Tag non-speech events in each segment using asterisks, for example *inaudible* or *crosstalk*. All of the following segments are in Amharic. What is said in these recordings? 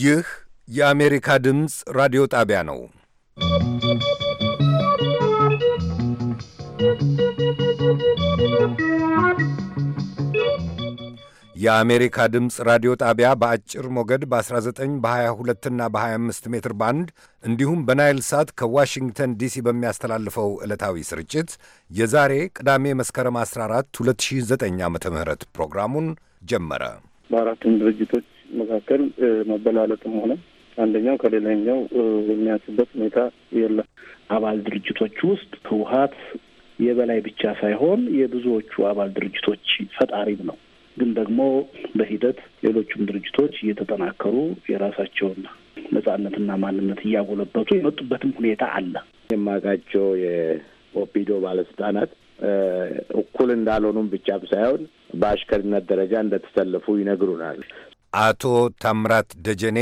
ይህ የአሜሪካ ድምፅ ራዲዮ ጣቢያ ነው። የአሜሪካ ድምፅ ራዲዮ ጣቢያ በአጭር ሞገድ በ19 በ22ና በ25 ሜትር ባንድ እንዲሁም በናይል ሳት ከዋሽንግተን ዲሲ በሚያስተላልፈው ዕለታዊ ስርጭት የዛሬ ቅዳሜ መስከረም 14 2009 ዓ ም ፕሮግራሙን ጀመረ። በአራቱም ድርጅቶች መካከል መበላለጥም ሆነ አንደኛው ከሌላኛው የሚያንስበት ሁኔታ የለም። አባል ድርጅቶች ውስጥ ህወሀት የበላይ ብቻ ሳይሆን የብዙዎቹ አባል ድርጅቶች ፈጣሪም ነው። ግን ደግሞ በሂደት ሌሎቹም ድርጅቶች እየተጠናከሩ የራሳቸውን ነጻነትና ማንነት እያጎለበቱ የመጡበትም ሁኔታ አለ። የማውቃቸው የኦፒዶ ባለስልጣናት እኩል እንዳልሆኑም ብቻም ሳይሆን በአሽከሪነት ደረጃ እንደተሰለፉ ይነግሩናል። አቶ ታምራት ደጀኔ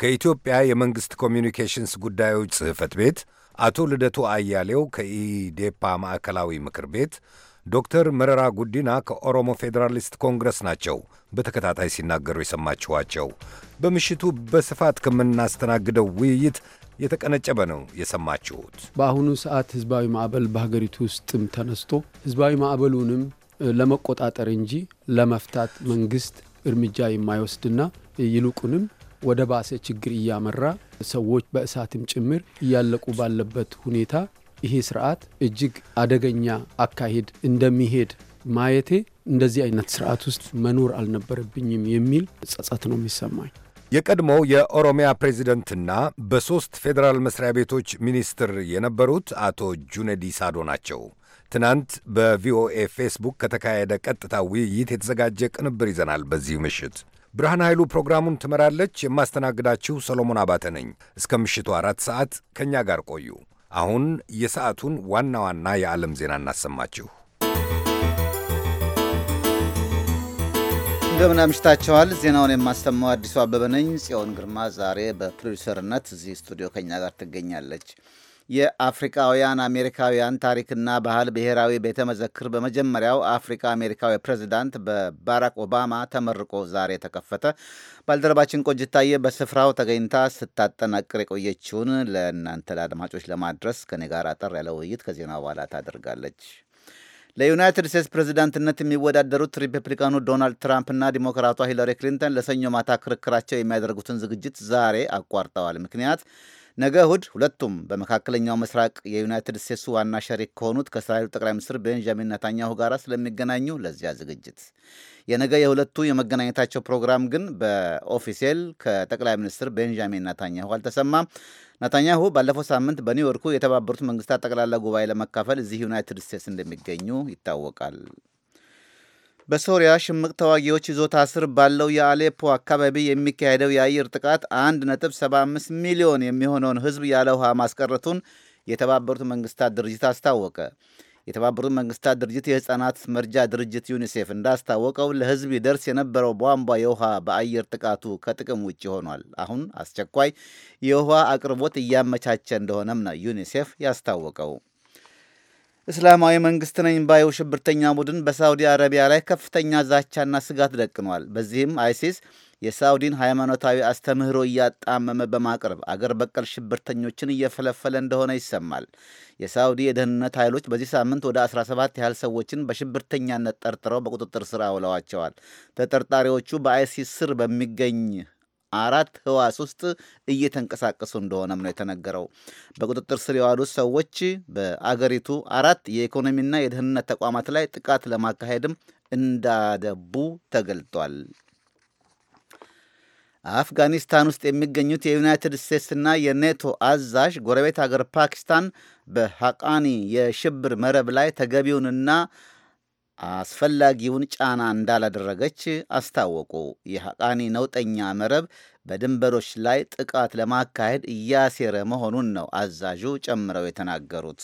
ከኢትዮጵያ የመንግሥት ኮሚኒኬሽንስ ጉዳዮች ጽሕፈት ቤት፣ አቶ ልደቱ አያሌው ከኢዴፓ ማዕከላዊ ምክር ቤት፣ ዶክተር መረራ ጉዲና ከኦሮሞ ፌዴራሊስት ኮንግረስ ናቸው በተከታታይ ሲናገሩ የሰማችኋቸው። በምሽቱ በስፋት ከምናስተናግደው ውይይት የተቀነጨበ ነው የሰማችሁት። በአሁኑ ሰዓት ህዝባዊ ማዕበል በሀገሪቱ ውስጥም ተነስቶ ህዝባዊ ማዕበሉንም ለመቆጣጠር እንጂ ለመፍታት መንግስት እርምጃ የማይወስድና ይልቁንም ወደ ባሰ ችግር እያመራ ሰዎች በእሳትም ጭምር እያለቁ ባለበት ሁኔታ ይሄ ስርዓት እጅግ አደገኛ አካሄድ እንደሚሄድ ማየቴ እንደዚህ አይነት ስርዓት ውስጥ መኖር አልነበረብኝም የሚል ጸጸት ነው የሚሰማኝ። የቀድሞው የኦሮሚያ ፕሬዚደንትና በሦስት ፌዴራል መስሪያ ቤቶች ሚኒስትር የነበሩት አቶ ጁነዲ ሳዶ ናቸው። ትናንት በቪኦኤ ፌስቡክ ከተካሄደ ቀጥታ ውይይት የተዘጋጀ ቅንብር ይዘናል። በዚህ ምሽት ብርሃን ኃይሉ ፕሮግራሙን ትመራለች። የማስተናግዳችሁ ሰሎሞን አባተ ነኝ። እስከ ምሽቱ አራት ሰዓት ከእኛ ጋር ቆዩ። አሁን የሰዓቱን ዋና ዋና የዓለም ዜና እናሰማችሁ። እንደምን አምሽታችኋል። ዜናውን የማሰማው አዲሱ አበበ ነኝ። ጽዮን ግርማ ዛሬ በፕሮዲሰርነት እዚህ ስቱዲዮ ከኛ ጋር ትገኛለች። የአፍሪካውያን አሜሪካውያን ታሪክና ባህል ብሔራዊ ቤተ መዘክር በመጀመሪያው አፍሪካ አሜሪካዊ ፕሬዚዳንት በባራክ ኦባማ ተመርቆ ዛሬ ተከፈተ። ባልደረባችን ቆጅታየ በስፍራው ተገኝታ ስታጠናቅር የቆየችውን ለእናንተ ለአድማጮች ለማድረስ ከኔ ጋር አጠር ያለ ውይይት ከዜና በኋላ ታደርጋለች። ለዩናይትድ ስቴትስ ፕሬዚዳንትነት የሚወዳደሩት ሪፐብሊካኑ ዶናልድ ትራምፕና ዲሞክራቷ ሂለሪ ክሊንተን ለሰኞ ማታ ክርክራቸው የሚያደርጉትን ዝግጅት ዛሬ አቋርጠዋል። ምክንያት ነገ እሁድ ሁለቱም በመካከለኛው ምስራቅ የዩናይትድ ስቴትሱ ዋና ሸሪክ ከሆኑት ከእስራኤሉ ጠቅላይ ሚኒስትር ቤንጃሚን ነታኛሁ ጋር ስለሚገናኙ ለዚያ ዝግጅት የነገ የሁለቱ የመገናኘታቸው ፕሮግራም ግን በኦፊሴል ከጠቅላይ ሚኒስትር ቤንጃሚን ነታኛሁ አልተሰማም። ነታኛሁ ባለፈው ሳምንት በኒውዮርኩ የተባበሩት መንግስታት ጠቅላላ ጉባኤ ለመካፈል እዚህ ዩናይትድ ስቴትስ እንደሚገኙ ይታወቃል። በሶሪያ ሽምቅ ተዋጊዎች ይዞታ ስር ባለው የአሌፖ አካባቢ የሚካሄደው የአየር ጥቃት 1.75 ሚሊዮን የሚሆነውን ሕዝብ ያለ ውሃ ማስቀረቱን የተባበሩት መንግስታት ድርጅት አስታወቀ። የተባበሩት መንግስታት ድርጅት የሕፃናት መርጃ ድርጅት ዩኒሴፍ እንዳስታወቀው ለሕዝብ ይደርስ የነበረው ቧንቧ የውሃ በአየር ጥቃቱ ከጥቅም ውጭ ሆኗል። አሁን አስቸኳይ የውሃ አቅርቦት እያመቻቸ እንደሆነም ነው ዩኒሴፍ ያስታወቀው። እስላማዊ መንግስት ነኝ ባዩ ሽብርተኛ ቡድን በሳውዲ አረቢያ ላይ ከፍተኛ ዛቻና ስጋት ደቅኗል። በዚህም አይሲስ የሳውዲን ሃይማኖታዊ አስተምህሮ እያጣመመ በማቅረብ አገር በቀል ሽብርተኞችን እየፈለፈለ እንደሆነ ይሰማል። የሳውዲ የደህንነት ኃይሎች በዚህ ሳምንት ወደ 17 ያህል ሰዎችን በሽብርተኛነት ጠርጥረው በቁጥጥር ስር አውለዋቸዋል። ተጠርጣሪዎቹ በአይሲስ ስር በሚገኝ አራት ህዋስ ውስጥ እየተንቀሳቀሱ እንደሆነም ነው የተነገረው። በቁጥጥር ስር የዋሉት ሰዎች በአገሪቱ አራት የኢኮኖሚና የደህንነት ተቋማት ላይ ጥቃት ለማካሄድም እንዳደቡ ተገልጧል። አፍጋኒስታን ውስጥ የሚገኙት የዩናይትድ ስቴትስና የኔቶ አዛዥ ጎረቤት ሀገር ፓኪስታን በሐቃኒ የሽብር መረብ ላይ ተገቢውንና አስፈላጊውን ጫና እንዳላደረገች አስታወቁ። የሐቃኒ ነውጠኛ መረብ በድንበሮች ላይ ጥቃት ለማካሄድ እያሴረ መሆኑን ነው አዛዡ ጨምረው የተናገሩት።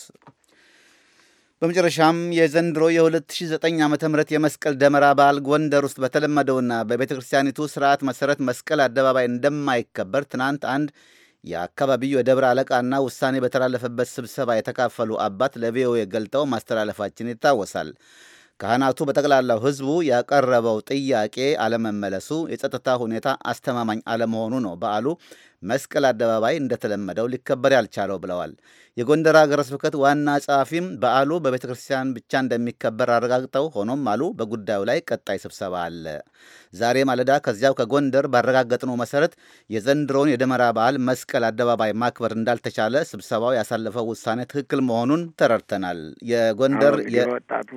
በመጨረሻም የዘንድሮ የ2009 ዓ ም የመስቀል ደመራ በዓል ጎንደር ውስጥ በተለመደውና በቤተ ክርስቲያኒቱ ስርዓት መሠረት መስቀል አደባባይ እንደማይከበር ትናንት አንድ የአካባቢው የደብረ አለቃና ውሳኔ በተላለፈበት ስብሰባ የተካፈሉ አባት ለቪኦኤ ገልጠው ማስተላለፋችን ይታወሳል። ካህናቱ በጠቅላላው ህዝቡ ያቀረበው ጥያቄ አለመመለሱ፣ የጸጥታ ሁኔታ አስተማማኝ አለመሆኑ ነው በዓሉ መስቀል አደባባይ እንደተለመደው ሊከበር ያልቻለው ብለዋል። የጎንደር ሀገረ ስብከት ዋና ጸሐፊም በዓሉ በቤተ ክርስቲያን ብቻ እንደሚከበር አረጋግጠው፣ ሆኖም አሉ በጉዳዩ ላይ ቀጣይ ስብሰባ አለ። ዛሬ ማለዳ ከዚያው ከጎንደር ባረጋገጥነው መሰረት የዘንድሮውን የደመራ በዓል መስቀል አደባባይ ማክበር እንዳልተቻለ ስብሰባው ያሳለፈው ውሳኔ ትክክል መሆኑን ተረድተናል። የጎንደር የወጣቱ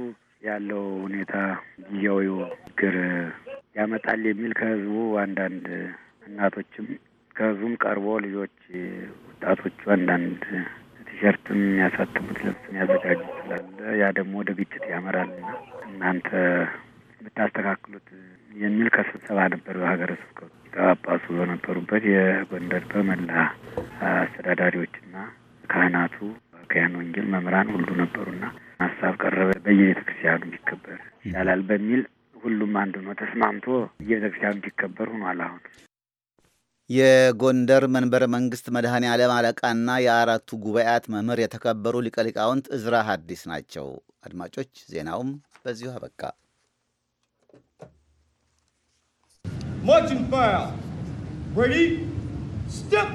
ያለው ሁኔታ ጊዜያዊ ችግር ያመጣል የሚል ከህዝቡ አንዳንድ እናቶችም ከህዝቡም ቀርቦ ልጆች፣ ወጣቶቹ አንዳንድ ቲሸርትም የሚያሳትሙት ልብስ ያዘጋጁት ስላለ ያ ደግሞ ወደ ግጭት ያመራልና እናንተ ብታስተካክሉት የሚል ከስብሰባ ነበር በሀገረ ስብከቱ ጳጳሱ በነበሩበት የጎንደር በመላ አስተዳዳሪዎችና ካህናቱ ከያን ወንጌል መምህራን ሁሉ ነበሩና ሀሳብ ቀረበ በየቤተ ክርስቲያኑ ቢከበር ይቻላል በሚል ሁሉም አንድ ነው ተስማምቶ የቤተ ክርስቲያኑ ሆኗል። አሁን የጎንደር መንበረ መንግስት መድኃኔ ዓለም አለቃና የአራቱ ጉባኤያት መምህር የተከበሩ ሊቀ ሊቃውንት እዝራ ሀዲስ ናቸው። አድማጮች ዜናውም በዚሁ አበቃ። Marching file. Ready? Step!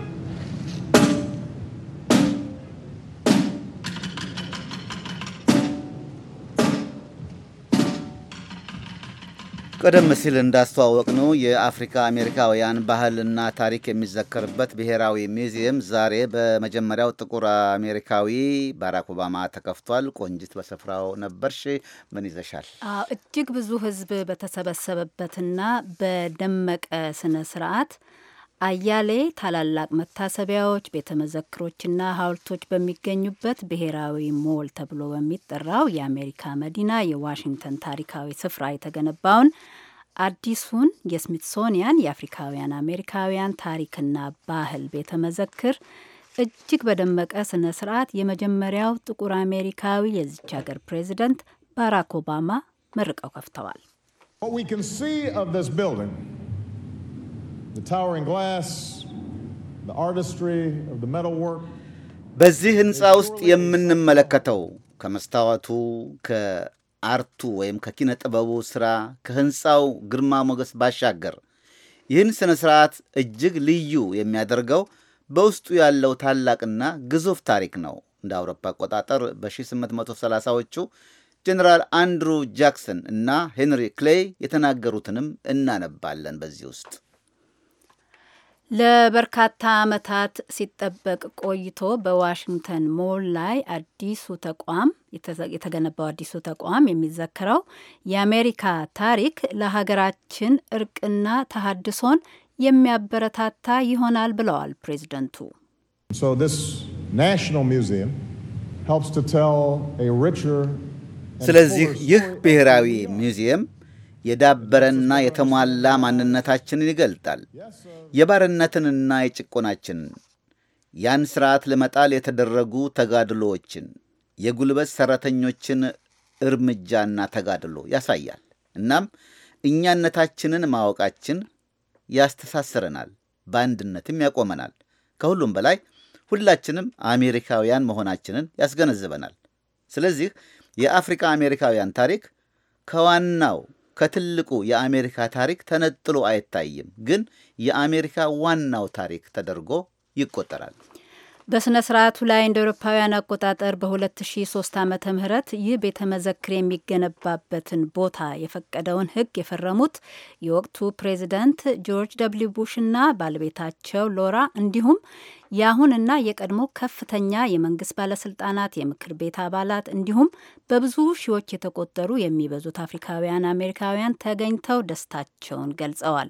ቀደም ሲል እንዳስተዋወቅ ነው የአፍሪካ አሜሪካውያን ባህልና ታሪክ የሚዘከርበት ብሔራዊ ሚዚየም ዛሬ በመጀመሪያው ጥቁር አሜሪካዊ ባራክ ኦባማ ተከፍቷል። ቆንጅት በስፍራው ነበርሽ፣ ምን ይዘሻል? እጅግ ብዙ ሕዝብ በተሰበሰበበትና በደመቀ ስነ ስርዓት አያሌ ታላላቅ መታሰቢያዎች፣ ቤተ መዘክሮችና ሐውልቶች በሚገኙበት ብሔራዊ ሞል ተብሎ በሚጠራው የአሜሪካ መዲና የዋሽንግተን ታሪካዊ ስፍራ የተገነባውን አዲሱን የስሚትሶኒያን የአፍሪካውያን አሜሪካውያን ታሪክና ባህል ቤተ መዘክር እጅግ በደመቀ ስነ ስርዓት የመጀመሪያው ጥቁር አሜሪካዊ የዚች ሀገር ፕሬዚደንት ባራክ ኦባማ መርቀው ከፍተዋል። the towering glass, the artistry of the metalwork. በዚህ ህንፃ ውስጥ የምንመለከተው ከመስታወቱ ከአርቱ ወይም ከኪነ ጥበቡ ሥራ ከህንፃው ግርማ ሞገስ ባሻገር ይህን ሥነ ሥርዓት እጅግ ልዩ የሚያደርገው በውስጡ ያለው ታላቅና ግዙፍ ታሪክ ነው። እንደ አውሮፓ አቆጣጠር በ1830ዎቹ ጀኔራል አንድሩ ጃክሰን እና ሄንሪ ክሌይ የተናገሩትንም እናነባለን በዚህ ውስጥ ለበርካታ ዓመታት ሲጠበቅ ቆይቶ በዋሽንግተን ሞል ላይ አዲሱ ተቋም የተገነባው አዲሱ ተቋም የሚዘክረው የአሜሪካ ታሪክ ለሀገራችን እርቅና ተሃድሶን የሚያበረታታ ይሆናል ብለዋል ፕሬዚደንቱ። ስለዚህ ይህ ብሔራዊ ሚውዚየም የዳበረና የተሟላ ማንነታችንን ይገልጣል። የባርነትንና የጭቆናችንን ያን ስርዓት ለመጣል የተደረጉ ተጋድሎዎችን፣ የጉልበት ሠራተኞችን እርምጃና ተጋድሎ ያሳያል። እናም እኛነታችንን ማወቃችን ያስተሳስረናል፣ በአንድነትም ያቆመናል። ከሁሉም በላይ ሁላችንም አሜሪካውያን መሆናችንን ያስገነዝበናል። ስለዚህ የአፍሪካ አሜሪካውያን ታሪክ ከዋናው ከትልቁ የአሜሪካ ታሪክ ተነጥሎ አይታይም፣ ግን የአሜሪካ ዋናው ታሪክ ተደርጎ ይቆጠራል። በሥነ ሥርዓቱ ላይ እንደ አውሮፓውያን አቆጣጠር በ2003 ዓ ም ይህ ቤተ መዘክር የሚገነባበትን ቦታ የፈቀደውን ሕግ የፈረሙት የወቅቱ ፕሬዚዳንት ጆርጅ ደብልዩ ቡሽ እና ባለቤታቸው ሎራ እንዲሁም የአሁንና የቀድሞ ከፍተኛ የመንግስት ባለስልጣናት፣ የምክር ቤት አባላት እንዲሁም በብዙ ሺዎች የተቆጠሩ የሚበዙት አፍሪካውያን አሜሪካውያን ተገኝተው ደስታቸውን ገልጸዋል።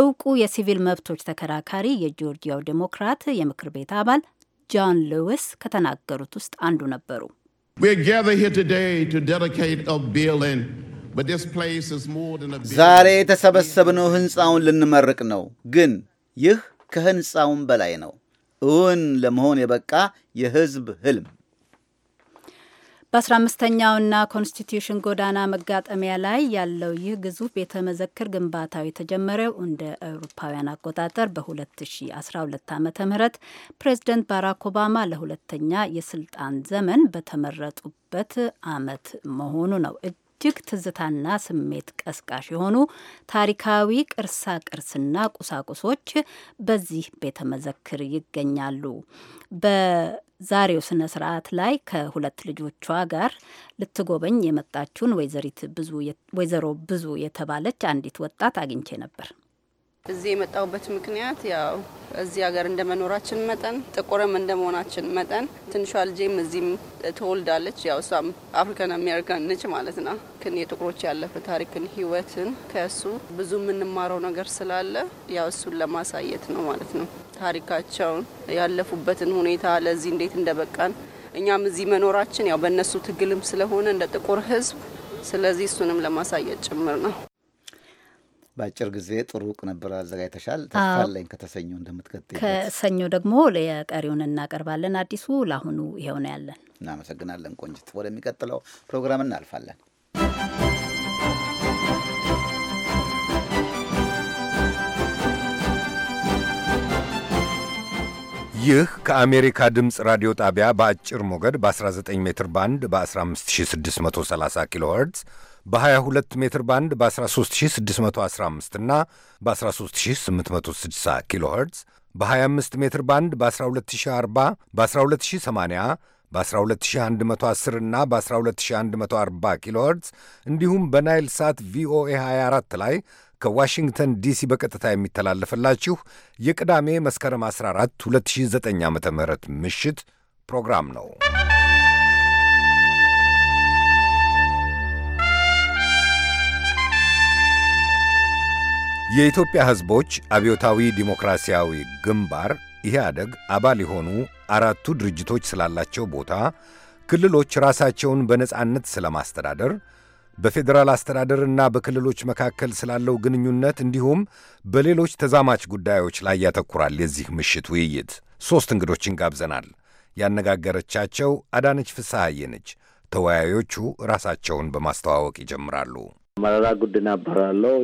እውቁ የሲቪል መብቶች ተከራካሪ የጆርጂያው ዴሞክራት የምክር ቤት አባል ጆን ሉዊስ ከተናገሩት ውስጥ አንዱ ነበሩ። ዛሬ የተሰበሰብነው ሕንፃውን ልንመርቅ ነው፣ ግን ይህ ከሕንፃውም በላይ ነው። እውን ለመሆን የበቃ የህዝብ ህልም በ15ኛውና ኮንስቲትዩሽን ጎዳና መጋጠሚያ ላይ ያለው ይህ ግዙፍ ቤተ መዘክር ግንባታው የተጀመረው እንደ አውሮፓውያን አቆጣጠር በ2012 ዓ ም ፕሬዚደንት ባራክ ኦባማ ለሁለተኛ የስልጣን ዘመን በተመረጡበት አመት መሆኑ ነው። እጅግ ትዝታና ስሜት ቀስቃሽ የሆኑ ታሪካዊ ቅርሳ ቅርስና ቁሳቁሶች በዚህ ቤተ መዘክር ይገኛሉ። በዛሬው ስነ ስርዓት ላይ ከሁለት ልጆቿ ጋር ልትጎበኝ የመጣችውን ወይዘሮ ብዙ የተባለች አንዲት ወጣት አግኝቼ ነበር። እዚህ የመጣሁበት ምክንያት ያው እዚህ ሀገር እንደመኖራችን መጠን ጥቁርም እንደመሆናችን መጠን ትንሿ ልጄም እዚህም ትወልዳለች ያው እሷም አፍሪካን አሜሪካን ነች ማለት ና ክን የጥቁሮች ያለፈ ታሪክን፣ ህይወትን ከእሱ ብዙ የምንማረው ነገር ስላለ ያው እሱን ለማሳየት ነው ማለት ነው። ታሪካቸውን፣ ያለፉበትን ሁኔታ ለዚህ እንዴት እንደበቃን እኛም እዚህ መኖራችን ያው በእነሱ ትግልም ስለሆነ እንደ ጥቁር ህዝብ ስለዚህ እሱንም ለማሳየት ጭምር ነው። በአጭር ጊዜ ጥሩ ቅንብር አዘጋጅተሻል። ተፋለኝ ከተሰኞ እንደምትቀጥ ከሰኞ ደግሞ የቀሪውን እናቀርባለን። አዲሱ ለአሁኑ ይኸው ነው ያለን። እናመሰግናለን ቆንጅት። ወደሚቀጥለው ፕሮግራም እናልፋለን። ይህ ከአሜሪካ ድምፅ ራዲዮ ጣቢያ በአጭር ሞገድ በ19 ሜትር ባንድ በ15630 ኪሎ ኸርትዝ በ22 ሜትር ባንድ በ13615 እና በ13860 ኪሎ ኸርትዝ በ25 ሜትር ባንድ በ 1240 በ12080 በ12110 እና በ12140 ኪሎ ኸርትዝ እንዲሁም በናይል ሳት ቪኦኤ 24 ላይ ከዋሽንግተን ዲሲ በቀጥታ የሚተላለፍላችሁ የቅዳሜ መስከረም 14 2009 ዓ ም ምሽት ፕሮግራም ነው። የኢትዮጵያ ሕዝቦች አብዮታዊ ዲሞክራሲያዊ ግንባር ኢህአደግ አባል የሆኑ አራቱ ድርጅቶች ስላላቸው ቦታ ክልሎች ራሳቸውን በነጻነት ስለማስተዳደር በፌዴራል አስተዳደርና በክልሎች መካከል ስላለው ግንኙነት እንዲሁም በሌሎች ተዛማች ጉዳዮች ላይ ያተኩራል። የዚህ ምሽት ውይይት ሦስት እንግዶችን ጋብዘናል። ያነጋገረቻቸው አዳነች ፍስሐዬ ነች። ተወያዮቹ ራሳቸውን በማስተዋወቅ ይጀምራሉ። መረራ ጉዲና እባላለሁ።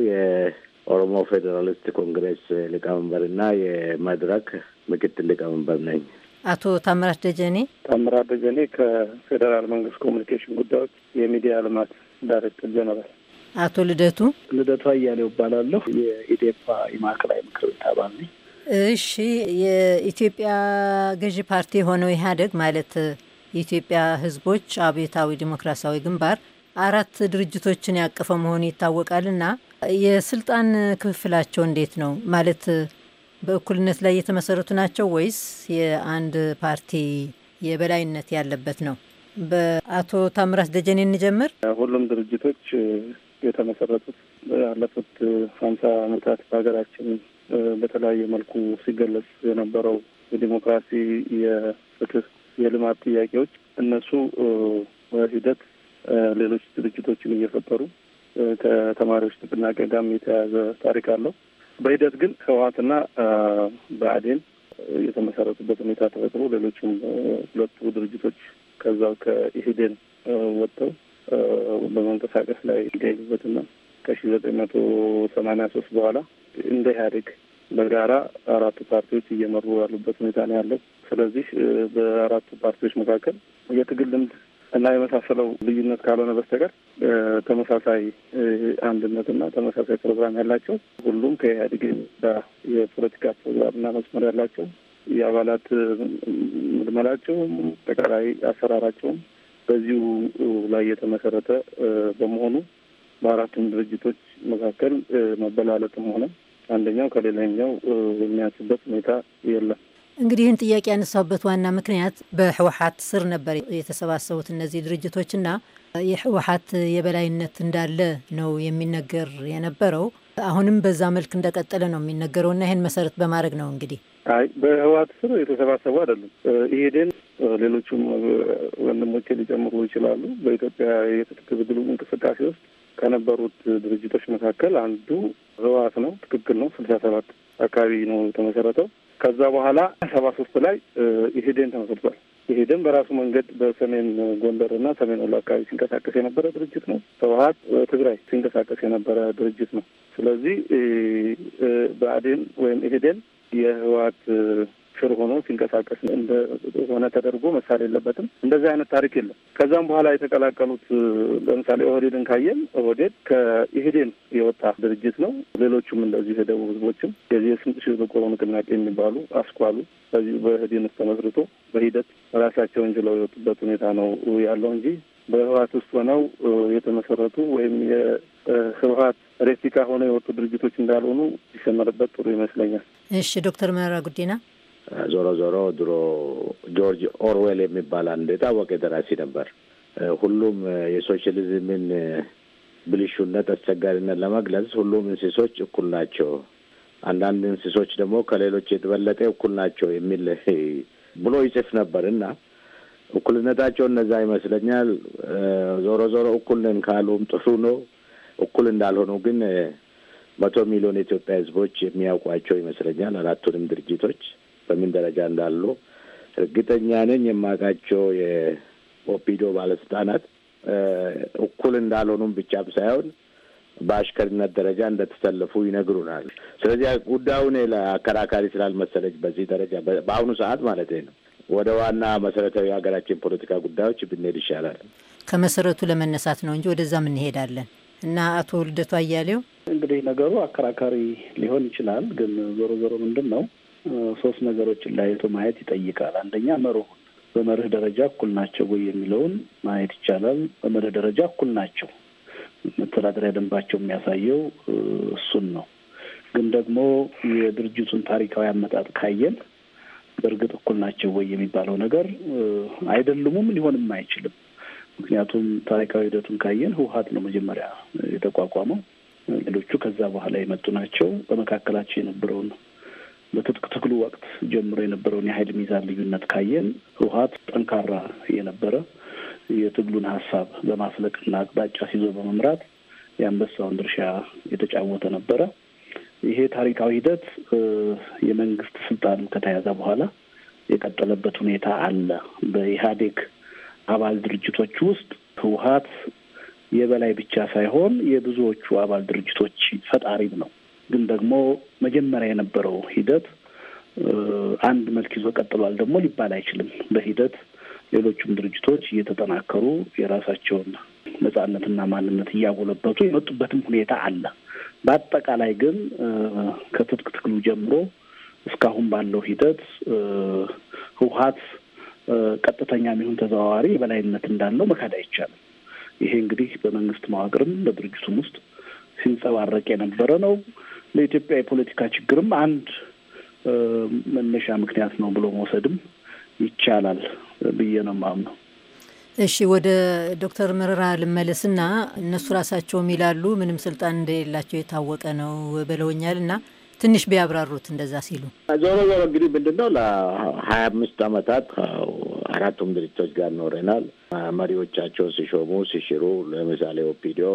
ኦሮሞ ፌዴራሊስት ኮንግሬስ ሊቀመንበርና የመድረክ ምክትል ሊቀመንበር ነኝ። አቶ ታምራት ደጀኔ ታምራት ደጀኔ ከፌዴራል መንግስት ኮሚኒኬሽን ጉዳዮች የሚዲያ ልማት ዳይሬክተር ጀነራል። አቶ ልደቱ ልደቱ አያሌው እባላለሁ። የኢዴፓ የማዕከላዊ ምክር ቤት አባል ነኝ። እሺ፣ የኢትዮጵያ ገዢ ፓርቲ የሆነው ኢህአዴግ ማለት የኢትዮጵያ ህዝቦች አብዮታዊ ዲሞክራሲያዊ ግንባር አራት ድርጅቶችን ያቀፈ መሆኑ ይታወቃልና የስልጣን ክፍፍላቸው እንዴት ነው? ማለት በእኩልነት ላይ የተመሰረቱ ናቸው ወይስ የአንድ ፓርቲ የበላይነት ያለበት ነው? በአቶ ታምራት ደጀኔ እንጀምር። ሁሉም ድርጅቶች የተመሰረቱት ያለፉት ሀምሳ ዓመታት በሀገራችን በተለያየ መልኩ ሲገለጽ የነበረው የዲሞክራሲ፣ የፍትህ፣ የልማት ጥያቄዎች እነሱ በሂደት ሌሎች ድርጅቶችን እየፈጠሩ ከተማሪዎች ንቅናቄ ጋርም የተያያዘ ታሪክ አለው። በሂደት ግን ህወሀትና ብአዴን የተመሰረቱበት ሁኔታ ተፈጥሮ ሌሎችም ሁለቱ ድርጅቶች ከዛው ከኢህዴን ወጥተው በመንቀሳቀስ ላይ ይገኙበትና ከሺ ዘጠኝ መቶ ሰማኒያ ሶስት በኋላ እንደ ኢህአዴግ በጋራ አራቱ ፓርቲዎች እየመሩ ያሉበት ሁኔታ ነው ያለው። ስለዚህ በአራቱ ፓርቲዎች መካከል የትግል ልምድ እና የመሳሰለው ልዩነት ካልሆነ በስተቀር ተመሳሳይ አንድነትና ተመሳሳይ ፕሮግራም ያላቸው ሁሉም ከኢህአዴግ የፖለቲካ ፕሮግራምና መስመር ያላቸው የአባላት ምልመላቸውም አጠቃላይ አሰራራቸውም በዚሁ ላይ የተመሰረተ በመሆኑ በአራቱም ድርጅቶች መካከል መበላለጥም ሆነ አንደኛው ከሌላኛው የሚያንስበት ሁኔታ የለም። እንግዲህ ይህን ጥያቄ ያነሳሁበት ዋና ምክንያት በህወሀት ስር ነበር የተሰባሰቡት እነዚህ ድርጅቶችና የህወሀት የበላይነት እንዳለ ነው የሚነገር የነበረው። አሁንም በዛ መልክ እንደቀጠለ ነው የሚነገረውና ይህን መሰረት በማድረግ ነው እንግዲህ አይ በህወሀት ስር የተሰባሰቡ አይደሉም። ኢህዴን ሌሎቹም ወንድሞቼ ሊጨምሩ ይችላሉ። በኢትዮጵያ የትጥቅ ትግሉ እንቅስቃሴ ውስጥ ከነበሩት ድርጅቶች መካከል አንዱ ህወሀት ነው። ትክክል ነው። ስልሳ ሰባት አካባቢ ነው የተመሰረተው። ከዛ በኋላ ሰባ ሶስት ላይ ኢህዴን ተመስርቷል። ኢህዴን በራሱ መንገድ በሰሜን ጎንደር እና ሰሜን ወሎ አካባቢ ሲንቀሳቀስ የነበረ ድርጅት ነው። ህወሀት በትግራይ ሲንቀሳቀስ የነበረ ድርጅት ነው። ስለዚህ ብአዴን ወይም ኢህዴን የህወሀት ስር ሆኖ ሲንቀሳቀስ እንደሆነ ተደርጎ መሳሌ የለበትም። እንደዚህ አይነት ታሪክ የለም። ከዛም በኋላ የተቀላቀሉት ለምሳሌ ኦህዴድን ካየን ኦህዴድ ከኢህዴን የወጣ ድርጅት ነው። ሌሎቹም እንደዚህ የደቡብ ህዝቦችም የዚህ የስንጥ ሺህ በቆሎ ንቅናቄ የሚባሉ አስኳሉ በዚህ በኢህዴን ውስጥ ተመስርቶ በሂደት ራሳቸውን ችለው የወጡበት ሁኔታ ነው ያለው እንጂ በህወሀት ውስጥ ሆነው የተመሰረቱ ወይም የህወሀት ሬፕሊካ ሆነው የወጡ ድርጅቶች እንዳልሆኑ ይሰመርበት ጥሩ ይመስለኛል። እሺ ዶክተር መረራ ጉዲና ዞሮ ዞሮ ድሮ ጆርጅ ኦርዌል የሚባል አንድ የታወቀ ደራሲ ነበር። ሁሉም የሶሻሊዝምን ብልሹነት፣ አስቸጋሪነት ለመግለጽ ሁሉም እንስሶች እኩል ናቸው፣ አንዳንድ እንስሶች ደግሞ ከሌሎች የተበለጠ እኩል ናቸው የሚል *laughs* ብሎ ይጽፍ ነበር እና እኩልነታቸው እነዛ ይመስለኛል። ዞሮ ዞሮ እኩል ነን ካሉም ጥሩ ነው። እኩል እንዳልሆኑ ግን መቶ ሚሊዮን የኢትዮጵያ ሕዝቦች የሚያውቋቸው ይመስለኛል አራቱንም ድርጅቶች በምን ደረጃ እንዳሉ እርግጠኛ ነኝ። የማውቃቸው የኦፒዶ ባለስልጣናት እኩል እንዳልሆኑም ብቻም ሳይሆን በአሽከርነት ደረጃ እንደተሰለፉ ይነግሩናል። ስለዚህ ጉዳዩን ለአከራካሪ ስላልመሰለች በዚህ ደረጃ በአሁኑ ሰዓት ማለት ነው ወደ ዋና መሰረታዊ ሀገራችን ፖለቲካ ጉዳዮች ብንሄድ ይሻላል። ከመሰረቱ ለመነሳት ነው እንጂ ወደዛም እንሄዳለን እና አቶ ልደቱ አያሌው እንግዲህ ነገሩ አከራካሪ ሊሆን ይችላል፣ ግን ዞሮ ዞሮ ምንድን ነው ሶስት ነገሮችን ለያይቶ ማየት ይጠይቃል። አንደኛ መርህ በመርህ ደረጃ እኩል ናቸው ወይ የሚለውን ማየት ይቻላል። በመርህ ደረጃ እኩል ናቸው። መተዳደሪያ ደንባቸው የሚያሳየው እሱን ነው። ግን ደግሞ የድርጅቱን ታሪካዊ አመጣጥ ካየን በእርግጥ እኩል ናቸው ወይ የሚባለው ነገር አይደሉምም ሊሆንም አይችልም። ምክንያቱም ታሪካዊ ሂደቱን ካየን ህውሀት ነው መጀመሪያ የተቋቋመው። ሌሎቹ ከዛ በኋላ የመጡ ናቸው። በመካከላቸው የነበረውን በትጥቅ ትግሉ ወቅት ጀምሮ የነበረውን የኃይል ሚዛን ልዩነት ካየን ህወሀት ጠንካራ የነበረ የትግሉን ሀሳብ በማፍለቅና አቅጣጫ ሲዞ በመምራት የአንበሳውን ድርሻ የተጫወተ ነበረ። ይሄ ታሪካዊ ሂደት የመንግስት ስልጣንም ከተያዘ በኋላ የቀጠለበት ሁኔታ አለ። በኢህአዴግ አባል ድርጅቶች ውስጥ ህወሀት የበላይ ብቻ ሳይሆን የብዙዎቹ አባል ድርጅቶች ፈጣሪም ነው። ግን ደግሞ መጀመሪያ የነበረው ሂደት አንድ መልክ ይዞ ቀጥሏል ደግሞ ሊባል አይችልም። በሂደት ሌሎቹም ድርጅቶች እየተጠናከሩ የራሳቸውን ነጻነትና ማንነት እያጎለበቱ የመጡበትም ሁኔታ አለ። በአጠቃላይ ግን ከትጥቅ ትግሉ ጀምሮ እስካሁን ባለው ሂደት ህወሀት ቀጥተኛ የሚሆን ተዘዋዋሪ የበላይነት እንዳለው መካድ አይቻልም። ይሄ እንግዲህ በመንግስት መዋቅርም በድርጅቱም ውስጥ ሲንጸባረቅ የነበረ ነው። ለኢትዮጵያ የፖለቲካ ችግርም አንድ መነሻ ምክንያት ነው ብሎ መውሰድም ይቻላል ብዬ ነው ማምነው። እሺ ወደ ዶክተር መረራ ልመለስና እነሱ ራሳቸውም ይላሉ ምንም ስልጣን እንደሌላቸው የታወቀ ነው ብለውኛል እና ትንሽ ቢያብራሩት እንደዛ ሲሉ ዞሮ ዞሮ እንግዲህ ምንድን ነው ለሀያ አምስት አመታት አራቱም ድርጅቶች ጋር ኖረናል። መሪዎቻቸው ሲሾሙ ሲሽሩ፣ ለምሳሌ ኦፒዲዮ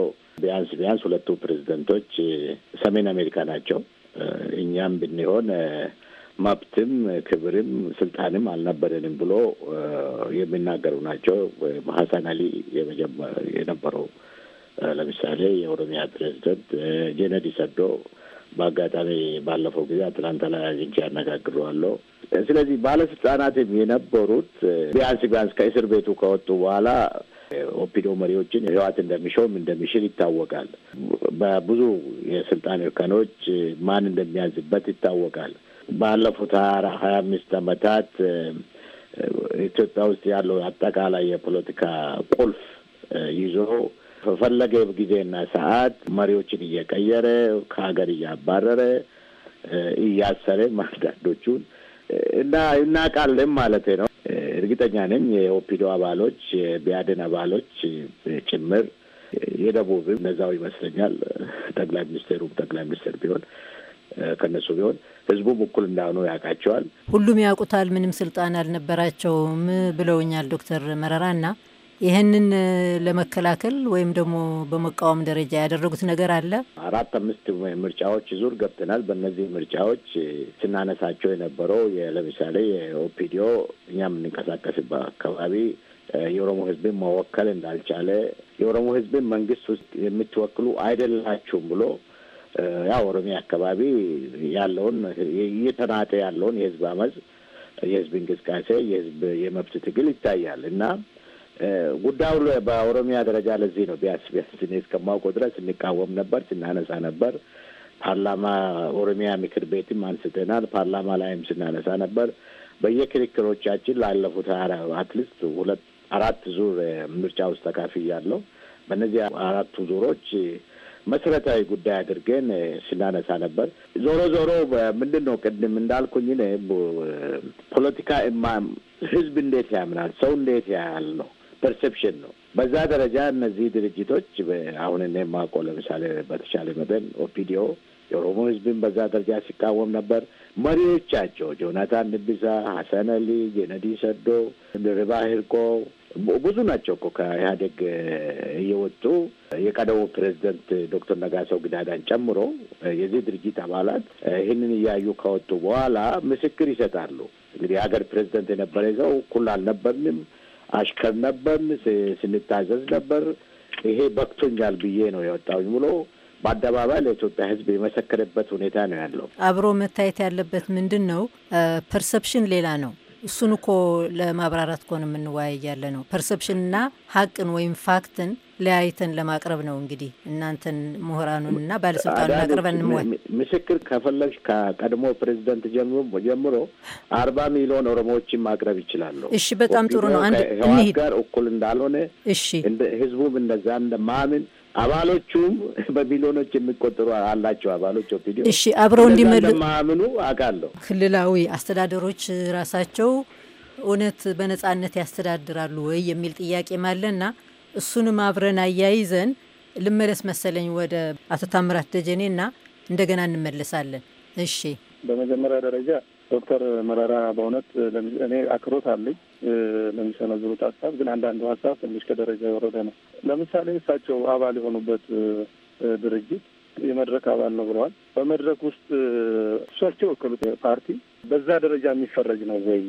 ቢያንስ ቢያንስ ሁለቱ ፕሬዚደንቶች ሰሜን አሜሪካ ናቸው። እኛም ብንሆን መብትም ክብርም ስልጣንም አልነበረንም ብሎ የሚናገሩ ናቸው። ሀሳን አሊ የነበረው ለምሳሌ የኦሮሚያ ፕሬዚደንት ጄነዲ ሰዶ በአጋጣሚ ባለፈው ጊዜ አትላንታ ላይ አግኝቼ ያነጋግረዋለሁ። ስለዚህ ባለስልጣናትም የነበሩት ቢያንስ ቢያንስ ከእስር ቤቱ ከወጡ በኋላ ኦፒዶ መሪዎችን ህወሓት እንደሚሾም እንደሚሽር ይታወቃል። በብዙ የስልጣን እርከኖች ማን እንደሚያዝበት ይታወቃል። ባለፉት ሀያ አምስት አመታት ኢትዮጵያ ውስጥ ያለው አጠቃላይ የፖለቲካ ቁልፍ ይዞ ፈለገ ጊዜና ሰዓት መሪዎችን እየቀየረ ከሀገር እያባረረ እያሰረ አንዳንዶቹን እና እናውቃለን ማለት ነው። እርግጠኛ ነኝ የኦፒዶ አባሎች የቢያደን አባሎች ጭምር የደቡብ እነዛው ይመስለኛል ጠቅላይ ሚኒስቴሩም ጠቅላይ ሚኒስቴር ቢሆን ከነሱ ቢሆን ህዝቡም እኩል እንዳሆኑ ያውቃቸዋል። ሁሉም ያውቁታል። ምንም ስልጣን አልነበራቸውም ብለውኛል ዶክተር መረራ እና ይህንን ለመከላከል ወይም ደግሞ በመቃወም ደረጃ ያደረጉት ነገር አለ? አራት አምስት ምርጫዎች ዙር ገብተናል። በእነዚህ ምርጫዎች ስናነሳቸው የነበረው ለምሳሌ የኦፒዲዮ እኛ የምንንቀሳቀስበት አካባቢ የኦሮሞ ህዝብን መወከል እንዳልቻለ የኦሮሞ ህዝብን መንግስት ውስጥ የምትወክሉ አይደላችሁም ብሎ ያው ኦሮሚያ አካባቢ ያለውን እየተናጠ ያለውን የህዝብ አመፅ፣ የህዝብ እንቅስቃሴ፣ የህዝብ የመብት ትግል ይታያል እና ጉዳዩ በኦሮሚያ ደረጃ ለዚህ ነው ቢያስ ቢያስ እኔ እስከማውቀው ድረስ እንቃወም ነበር፣ ስናነሳ ነበር። ፓርላማ ኦሮሚያ ምክር ቤትም አንስተናል። ፓርላማ ላይም ስናነሳ ነበር። በየክርክሮቻችን ላለፉት አትሊስት ሁለት አራት ዙር ምርጫ ውስጥ ተካፍያለሁ። በእነዚህ አራቱ ዙሮች መሰረታዊ ጉዳይ አድርገን ስናነሳ ነበር። ዞሮ ዞሮ ምንድን ነው ቅድም እንዳልኩኝ ፖለቲካ ህዝብ እንዴት ያምናል፣ ሰው እንዴት ያያል ነው ፐርሴፕሽን ነው። በዛ ደረጃ እነዚህ ድርጅቶች አሁን እኔ የማውቀው ለምሳሌ በተሻለ መጠን ኦፒዲዮ የኦሮሞ ህዝብን በዛ ደረጃ ሲቃወም ነበር። መሪዎቻቸው ጆናታን ንቢሳ፣ ሀሰን አሊ፣ የነዲ ሰዶ፣ ርባ ሂርቆ ብዙ ናቸው እኮ ከኢህአዴግ እየወጡ የቀደሙ ፕሬዚደንት ዶክተር ነጋሰው ጊዳዳን ጨምሮ የዚህ ድርጅት አባላት ይህንን እያዩ ከወጡ በኋላ ምስክር ይሰጣሉ። እንግዲህ የሀገር ፕሬዚደንት የነበረ ሰው እኩል አልነበርንም አሽከር ነበር፣ ስንታዘዝ ነበር። ይሄ በክቶኛል ብዬ ነው የወጣሁኝ ብሎ በአደባባይ ለኢትዮጵያ ሕዝብ የመሰከረበት ሁኔታ ነው ያለው። አብሮ መታየት ያለበት ምንድን ነው? ፐርሰፕሽን ሌላ ነው። እሱን እኮ ለማብራራት እኮ ነው የምንወያይ ያለ ነው። ፐርሰፕሽንና ሀቅን ወይም ፋክትን ለያይተን ለማቅረብ ነው። እንግዲህ እናንተን ምሁራኑንና ባለስልጣኑን አቅርበን እንመዋል። ምስክር ከፈለግሽ ከቀድሞ ፕሬዚደንት ጀምሮ አርባ ሚሊዮን ኦሮሞዎችን ማቅረብ ይችላሉ። እሺ፣ በጣም ጥሩ ነው። አንድ ህዋት ጋር እኩል እንዳልሆነ እሺ፣ ህዝቡም እንደዛ እንደማምን አባሎቹም *laughs* በሚሊዮኖች የሚቆጠሩ አላቸው። አባሎች ኦፒዲዮ እሺ፣ አብረው እንዲመልሱ ማምኑ አውቃለሁ። ክልላዊ አስተዳደሮች ራሳቸው እውነት በነጻነት ያስተዳድራሉ ወይ የሚል ጥያቄ ማለና እሱንም አብረን አያይዘን ልመለስ መሰለኝ ወደ አቶ ታምራት ደጀኔ እና እንደገና እንመለሳለን። እሺ፣ በመጀመሪያ ደረጃ ዶክተር መረራ በእውነት እኔ አክሮት አለኝ ለሚሰነዝሩት ሀሳብ፣ ግን አንዳንዱ ሀሳብ ትንሽ ከደረጃ የወረደ ነው። ለምሳሌ እሳቸው አባል የሆኑበት ድርጅት የመድረክ አባል ነው ብለዋል። በመድረክ ውስጥ እሳቸው የወከሉት ፓርቲ በዛ ደረጃ የሚፈረጅ ነው ወይ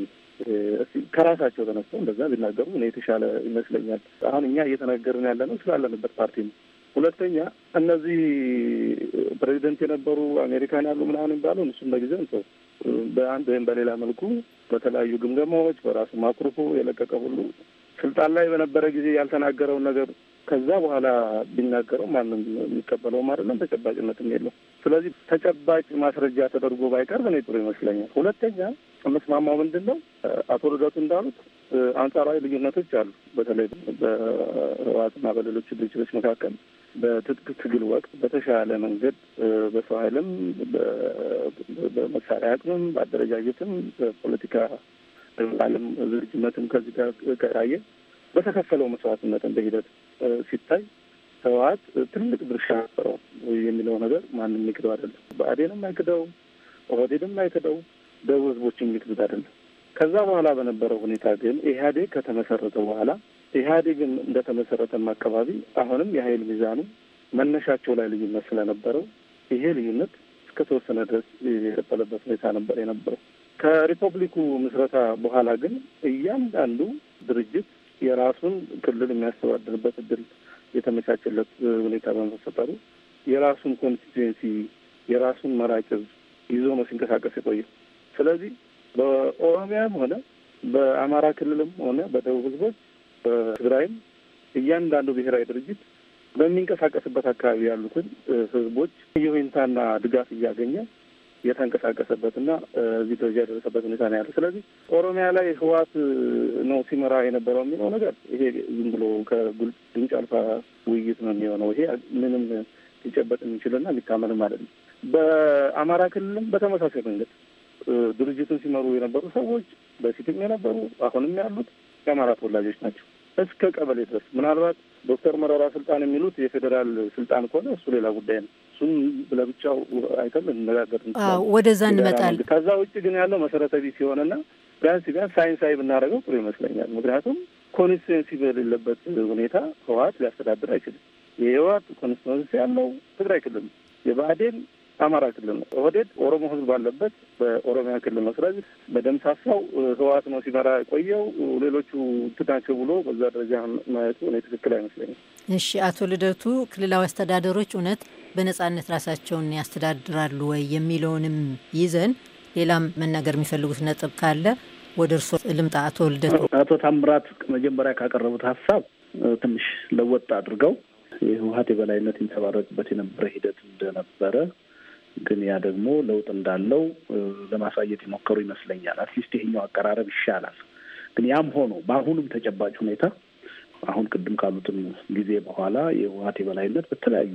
ከራሳቸው ተነስተው እንደዛ ቢናገሩ እኔ የተሻለ ይመስለኛል። አሁን እኛ እየተነገርን ያለ ነው ስላለንበት ፓርቲ ነው። ሁለተኛ እነዚህ ፕሬዚደንት የነበሩ አሜሪካን ያሉ ምናምን ባሉ እሱም በጊዜ ንሰው በአንድ ወይም በሌላ መልኩ በተለያዩ ግምገማዎች በራሱ ማኩርፎ የለቀቀ ሁሉ ስልጣን ላይ በነበረ ጊዜ ያልተናገረውን ነገር ከዛ በኋላ ቢናገረው ማንም የሚቀበለው አይደለም፣ ተጨባጭነትም የለው። ስለዚህ ተጨባጭ ማስረጃ ተደርጎ ባይቀርብ እኔ ጥሩ ይመስለኛል። ሁለተኛ የምስማማው ምንድን ነው? አቶ ልደቱ እንዳሉት አንጻራዊ ልዩነቶች አሉ። በተለይ በህወሓትና በሌሎች ድርጅቶች መካከል በትጥቅ ትግል ወቅት በተሻለ መንገድ በሰው ኃይልም በመሳሪያ አቅምም በአደረጃጀትም በፖለቲካ ዓለም ዝግጅነትም ከዚህ ጋር ከታየ በተከፈለው መስዋዕትነት እንደ ሂደት ሲታይ ህወሓት ትልቅ ድርሻ የሚለው ነገር ማንም ይክደው አይደለም። ብአዴንም አይክደው፣ ኦህዴድም አይክደው ደቡብ ህዝቦች የሚሉት አይደለም። ከዛ በኋላ በነበረው ሁኔታ ግን ኢህአዴግ ከተመሰረተ በኋላ ኢህአዴግም እንደተመሰረተም አካባቢ አሁንም የሀይል ሚዛኑ መነሻቸው ላይ ልዩነት ስለነበረው ይሄ ልዩነት እስከ ተወሰነ ድረስ የቀጠለበት ሁኔታ ነበር የነበረው። ከሪፐብሊኩ ምስረታ በኋላ ግን እያንዳንዱ ድርጅት የራሱን ክልል የሚያስተዳድርበት እድል የተመቻቸለት ሁኔታ በመፈጠሩ የራሱን ኮንስቲትዌንሲ የራሱን መራጭ ይዞ ነው ሲንቀሳቀስ የቆየው። ስለዚህ በኦሮሚያም ሆነ በአማራ ክልልም ሆነ በደቡብ ህዝቦች፣ በትግራይም እያንዳንዱ ብሔራዊ ድርጅት በሚንቀሳቀስበት አካባቢ ያሉትን ህዝቦች ና ድጋፍ እያገኘ የተንቀሳቀሰበትና እዚህ ደረጃ የደረሰበት ሁኔታ ነው ያለው። ስለዚህ ኦሮሚያ ላይ ህዋት ነው ሲመራ የነበረው የሚለው ነገር ይሄ ዝም ብሎ ከጉልጭ አልፋ ውይይት ነው የሚሆነው። ይሄ ምንም ሊጨበጥ የሚችልና ሊታመንም ማለት ነው። በአማራ ክልልም በተመሳሳይ መንገድ ድርጅቱን ሲመሩ የነበሩ ሰዎች በፊትም የነበሩ አሁንም ያሉት የአማራ ተወላጆች ናቸው እስከ ቀበሌ ድረስ። ምናልባት ዶክተር መረራ ስልጣን የሚሉት የፌዴራል ስልጣን ከሆነ እሱ ሌላ ጉዳይ ነው። እሱም ለብቻው አይተም ልንነጋገር ወደዛ እንመጣለን። ከዛ ውጭ ግን ያለው መሰረተ ቢስ የሆነና ቢያንስ ቢያንስ ሳይንሳዊ ብናደርገው ጥሩ ይመስለኛል። ምክንያቱም ኮንስቲትዌንሲ በሌለበት ሁኔታ ህወሀት ሊያስተዳድር አይችልም። የህወሀት ኮንስቲትዌንሲ ያለው ትግራይ ክልል የብአዴን አማራ ክልል ነው። ኦህዴድ ኦሮሞ ህዝብ ባለበት በኦሮሚያ ክልል ነው። ስለዚህ በደምሳሳው ህወሓት ነው ሲመራ የቆየው። ሌሎቹ ትናቸው ብሎ በዛ ደረጃ ማየቱ እኔ ትክክል አይመስለኝም። እሺ፣ አቶ ልደቱ ክልላዊ አስተዳደሮች እውነት በነጻነት ራሳቸውን ያስተዳድራሉ ወይ የሚለውንም ይዘን ሌላም መናገር የሚፈልጉት ነጥብ ካለ ወደ እርሶ ልምጣ። አቶ ልደቱ አቶ ታምራት መጀመሪያ ካቀረቡት ሀሳብ ትንሽ ለወጥ አድርገው የህወሓት የበላይነት ይንጸባረቅበት የነበረ ሂደት እንደነበረ ግን ያ ደግሞ ለውጥ እንዳለው ለማሳየት የሞከሩ ይመስለኛል። አትሊስት ይሄኛው አቀራረብ ይሻላል። ግን ያም ሆኖ በአሁኑም ተጨባጭ ሁኔታ አሁን ቅድም ካሉትም ጊዜ በኋላ የህወሀት የበላይነት በተለያዩ